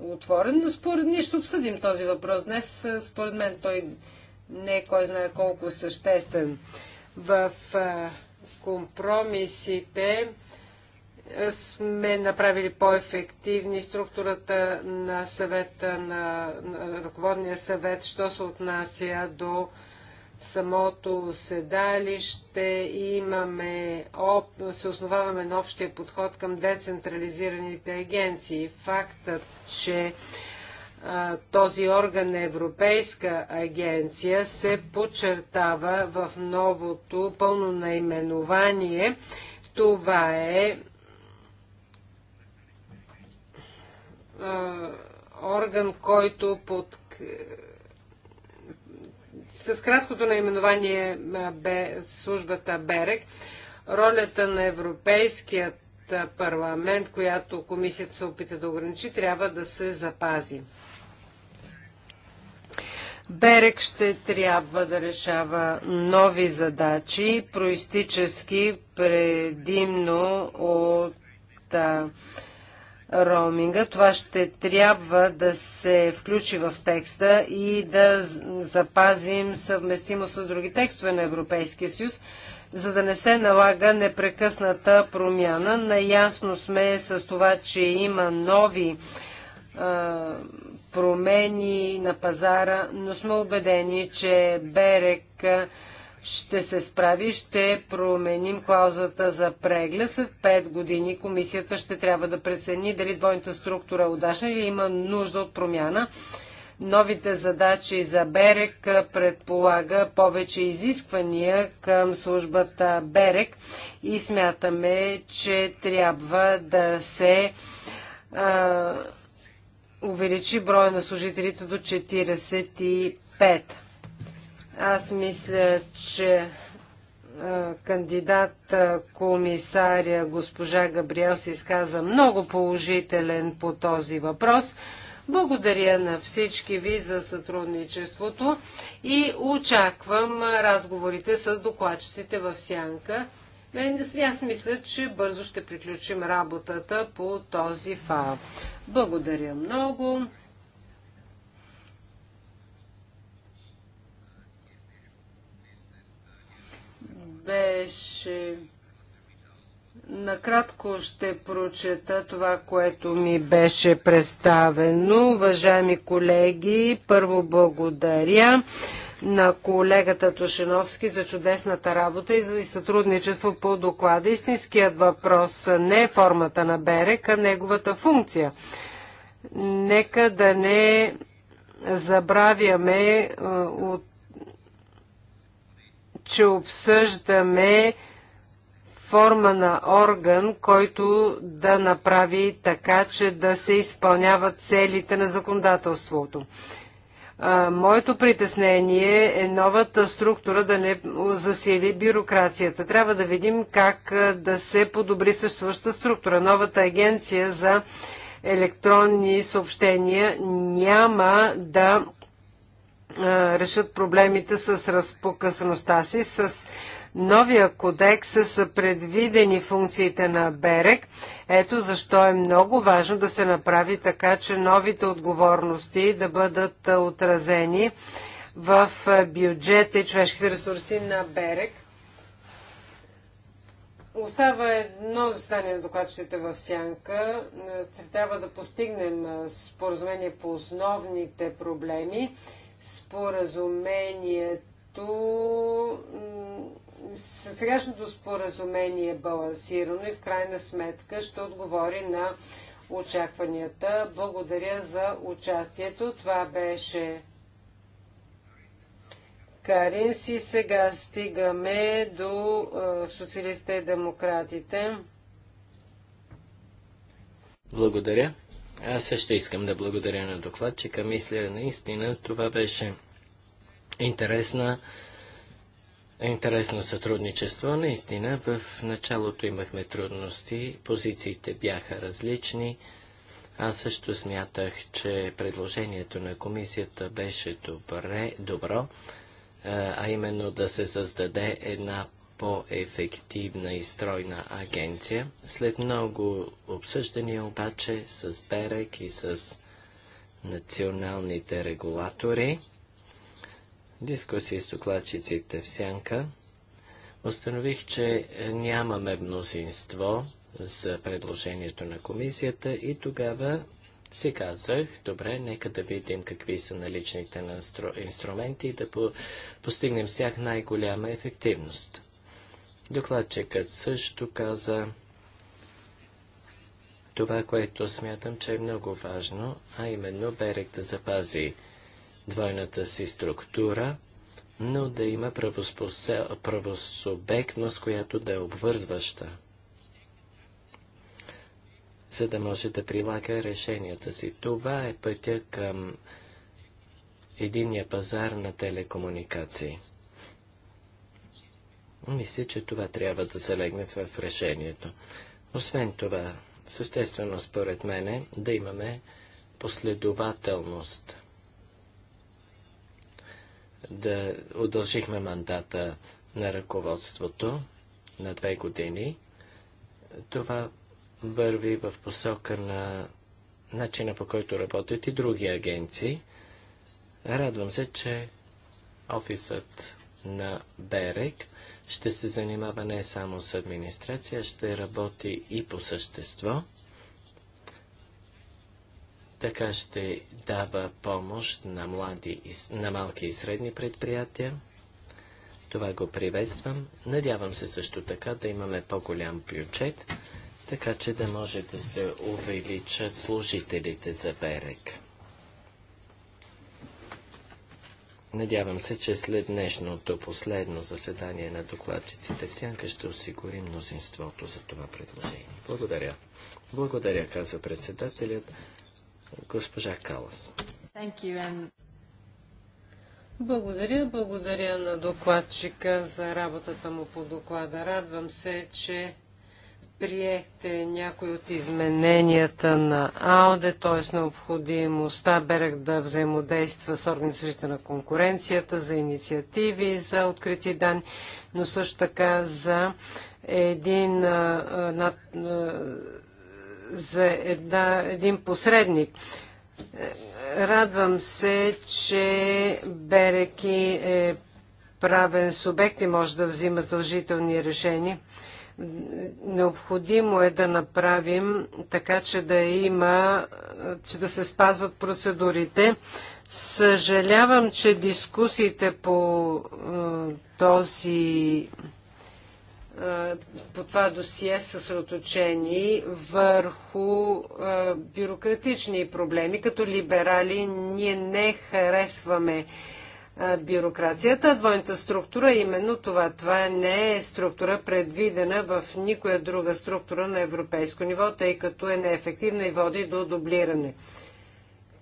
[SPEAKER 3] отворен, но според нищо обсъдим този въпрос днес. Според мен той не е кой знае колко съществен. В компромисите сме направили по-ефективни структурата на съвета, на, на ръководния съвет, що се отнася до самото седалище. Имаме, об, се основаваме на общия подход към децентрализираните агенции. Фактът, че този орган на Европейска агенция се подчертава в новото пълно наименование. Това е орган, който под... с краткото наименование бе службата БЕРЕК, ролята на Европейският парламент, която комисията се опита да ограничи, трябва да се запази. Берек ще трябва да решава нови задачи, проистически предимно от а, роуминга. Това ще трябва да се включи в текста и да запазим съвместимост с други текстове на Европейския съюз, за да не се налага непрекъсната промяна. Наясно сме с това, че има нови а, промени на пазара, но сме убедени, че Берек ще се справи, ще променим клаузата за преглед. След 5 години комисията ще трябва да прецени дали двойната структура е удачна или има нужда от промяна. Новите задачи за Берек предполага повече изисквания към службата Берек и смятаме, че трябва да се а, увеличи броя на служителите до 45. Аз мисля, че кандидат комисаря госпожа Габриел се изказа много положителен по този въпрос. Благодаря на всички ви за сътрудничеството и очаквам разговорите с докладчиците в Сянка. Аз мисля, че бързо ще приключим работата по този файл. Благодаря много. Беше... Накратко ще прочета това, което ми беше представено. Уважаеми колеги, първо благодаря на колегата Тушиновски за чудесната работа и за сътрудничество по доклада. Истинският въпрос не е формата на Берек, а неговата функция. Нека да не забравяме, е, че обсъждаме форма на орган, който да направи така, че да се изпълняват целите на законодателството. Моето притеснение е новата структура да не засили бюрокрацията. Трябва да видим как да се подобри съществуваща структура. Новата агенция за електронни съобщения няма да решат проблемите с разпокъсаността си, с новия кодекс са предвидени функциите на БЕРЕК. Ето защо е много важно да се направи така, че новите отговорности да бъдат отразени в бюджета и човешките ресурси на БЕРЕК. Остава едно застание на докладчетите в Сянка. Трябва да постигнем споразумение по основните проблеми. Споразумението сегашното споразумение е балансирано и в крайна сметка ще отговори на очакванията. Благодаря за участието. Това беше Каринс и сега стигаме до социалистите и демократите.
[SPEAKER 2] Благодаря. Аз също искам да благодаря на докладчика. Мисля, наистина това беше интересна е интересно сътрудничество. Наистина, в началото имахме трудности, позициите бяха различни. Аз също смятах, че предложението на комисията беше добре, добро, а именно да се създаде една по-ефективна и стройна агенция. След много обсъждания обаче с Берек и с националните регулатори, дискусии с докладчиците в Сянка установих, че нямаме мнозинство за предложението на комисията и тогава си казах, добре, нека да видим какви са наличните настру... инструменти и да по постигнем с тях най-голяма ефективност. Докладчикът също каза това, което смятам, че е много важно, а именно Берег да запази двойната си структура, но да има правосубектност, която да е обвързваща, за да може да прилага решенията си. Това е пътя към единия пазар на телекомуникации. Мисля, че това трябва да залегне в решението. Освен това, съществено според мене да имаме последователност – да удължихме мандата на ръководството на две години. Това върви в посока на начина по който работят и други агенции. Радвам се, че офисът на Берек ще се занимава не само с администрация, ще работи и по същество – така ще дава помощ на, млади, на малки и средни предприятия. Това го приветствам. Надявам се също така да имаме по-голям бюджет, така че да може да се увеличат служителите за берег. Надявам се, че след днешното последно заседание на докладчиците в Сянка ще осигурим мнозинството за това предложение. Благодаря. Благодаря, казва председателят госпожа Калас.
[SPEAKER 3] Благодаря, благодаря на докладчика за работата му по доклада. Радвам се, че приехте някои от измененията на АОДЕ, т.е. необходимостта Берег да взаимодейства с Организацията на конкуренцията за инициативи, за открити данни, но също така за един над, за една, един посредник. Радвам се, че Береки е правен субект и може да взима задължителни решения. Необходимо е да направим така, че да има, че да се спазват процедурите. Съжалявам, че дискусиите по е, този по това досие са съсредоточени върху бюрократични проблеми. Като либерали ние не харесваме бюрокрацията, двойната структура именно това. Това не е структура предвидена в никоя друга структура на европейско ниво, тъй като е неефективна и води до дублиране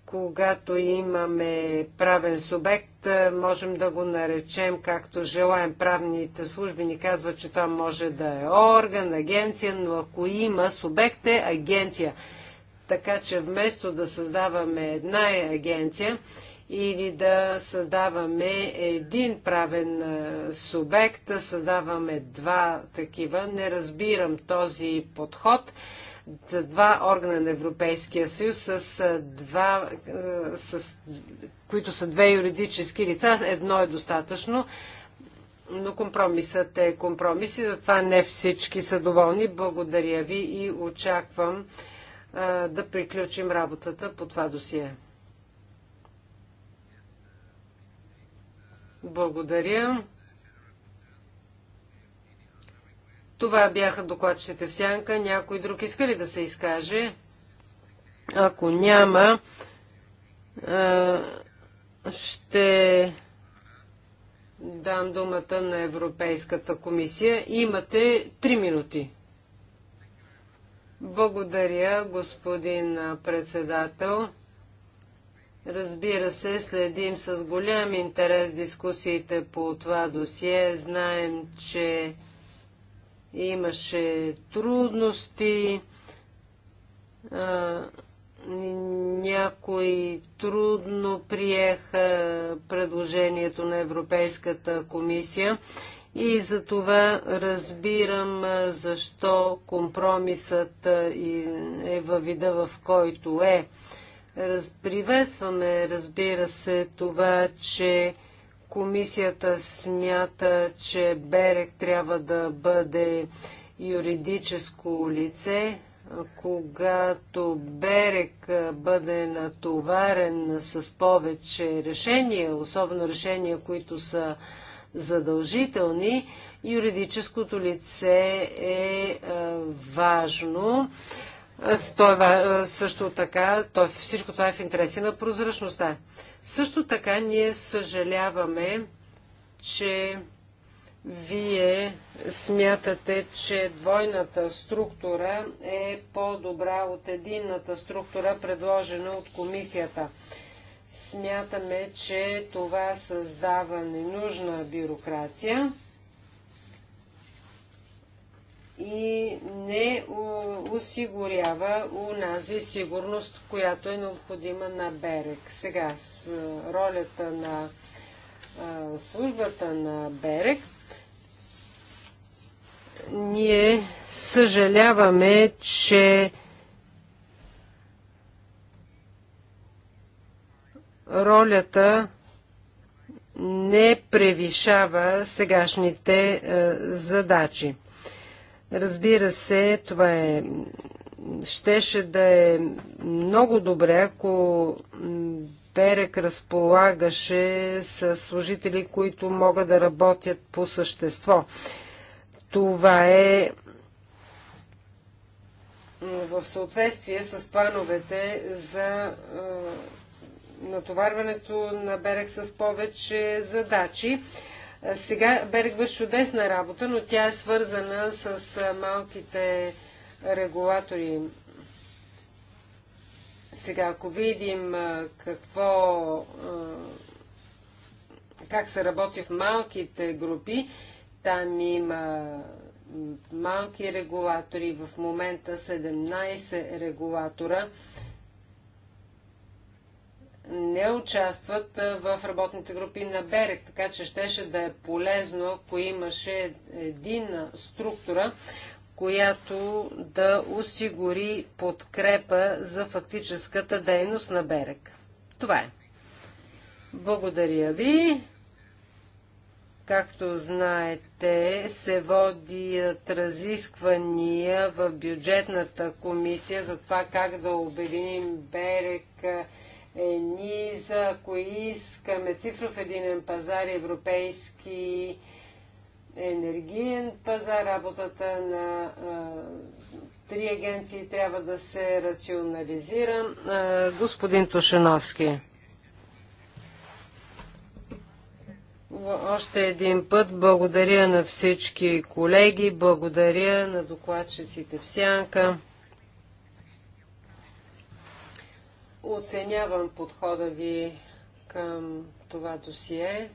[SPEAKER 3] когато имаме правен субект, е, можем да го наречем както желаем. Правните служби ни казват, че това може да е орган, агенция, но ако има субект е агенция. Така че вместо да създаваме една е агенция или да създаваме един правен е, субект, създаваме два такива. Не разбирам този подход два органа на Европейския съюз, с два, с, които са две юридически лица. Едно е достатъчно, но компромисът е компромис и затова не всички са доволни. Благодаря ви и очаквам да приключим работата по това досие. Благодаря. Това бяха докладчите в сянка. Някой друг иска ли да се изкаже? Ако няма, ще дам думата на Европейската комисия. Имате три минути. Благодаря, господин председател. Разбира се, следим с голям интерес дискусиите по това досие. Знаем, че Имаше трудности, някои трудно приеха предложението на Европейската комисия и за това разбирам защо компромисът е във вида в който е. Приветстваме, разбира се, това, че Комисията смята, че Берег трябва да бъде юридическо лице. Когато Берег бъде натоварен с повече решения, особено решения, които са задължителни, юридическото лице е, е важно. Той, също така, той, всичко това е в интерес на прозрачността. Също така ние съжаляваме, че вие смятате, че двойната структура е по-добра от единната структура, предложена от комисията. Смятаме, че това създава ненужна бюрокрация и не осигурява унази сигурност, която е необходима на Берег. Сега с ролята на службата на Берег ние съжаляваме, че ролята не превишава сегашните задачи. Разбира се, това е щеше да е много добре, ако Берек разполагаше с служители, които могат да работят по същество. Това е в съответствие с плановете за е, натоварването на Берек с повече задачи. Сега Берег върши чудесна работа, но тя е свързана с малките регулатори. Сега, ако видим какво, как се работи в малките групи, там има малки регулатори, в момента 17 регулатора не участват в работните групи на Берег, така че щеше да е полезно, ако имаше един структура, която да осигури подкрепа за фактическата дейност на Берег. Това е. Благодаря ви. Както знаете, се водят разисквания в бюджетната комисия за това как да обединим Берег е ни ако искаме цифров единен пазар, европейски енергиен пазар, работата на а, три агенции трябва да се рационализира. А, господин Тушеновски. Още един път благодаря на всички колеги, благодаря на докладчиците в Сянка. Оценявам подхода ви към това досие,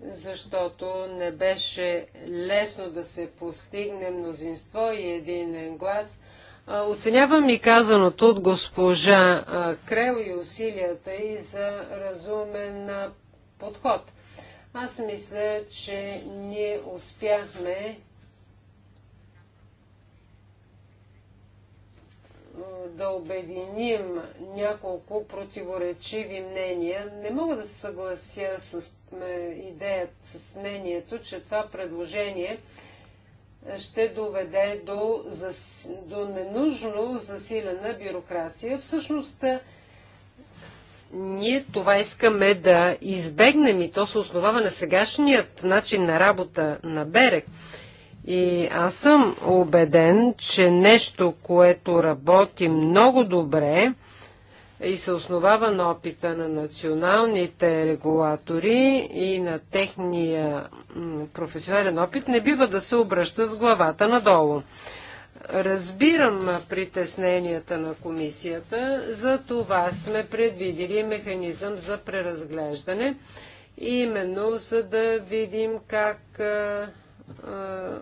[SPEAKER 3] защото не беше лесно да се постигне мнозинство и един глас. Оценявам и казаното от госпожа Крел и усилията и за разумен подход. Аз мисля, че ние успяхме да обединим няколко противоречиви мнения. Не мога да се съглася с идеята, с мнението, че това предложение ще доведе до, зас... до ненужно засилена бюрокрация. Всъщност, ние това искаме да избегнем и то се основава на сегашният начин на работа на Берег. И аз съм убеден, че нещо, което работи много добре и се основава на опита на националните регулатори и на техния професионален опит, не бива да се обръща с главата надолу. Разбирам притесненията на комисията, за това сме предвидили механизъм за преразглеждане, именно за да видим как е,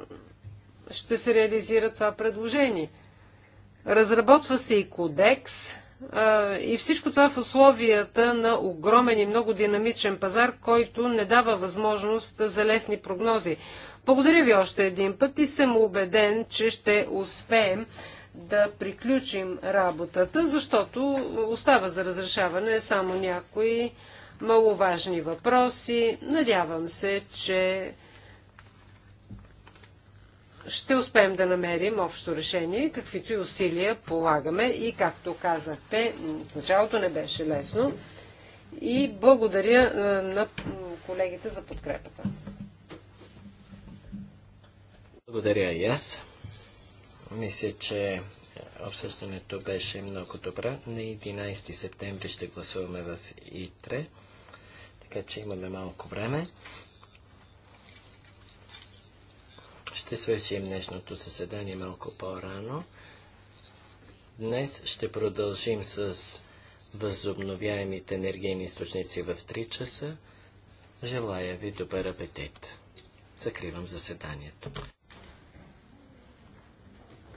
[SPEAKER 3] ще се реализира това предложение. Разработва се и кодекс е, и всичко това в условията на огромен и много динамичен пазар, който не дава възможност за лесни прогнози. Благодаря ви още един път и съм убеден, че ще успеем да приключим работата, защото остава за разрешаване само някои маловажни въпроси. Надявам се, че ще успеем да намерим общо решение, каквито и усилия полагаме и, както казахте, в началото не беше лесно. И благодаря е, на колегите за подкрепата.
[SPEAKER 2] Благодаря и аз. Мисля, че обсъждането беше много добра. На 11 септември ще гласуваме в ИТРЕ, така че имаме малко време. Ще свършим днешното съседание малко по-рано. Днес ще продължим с възобновяемите енергийни източници в 3 часа. Желая ви добър апетит. Закривам заседанието.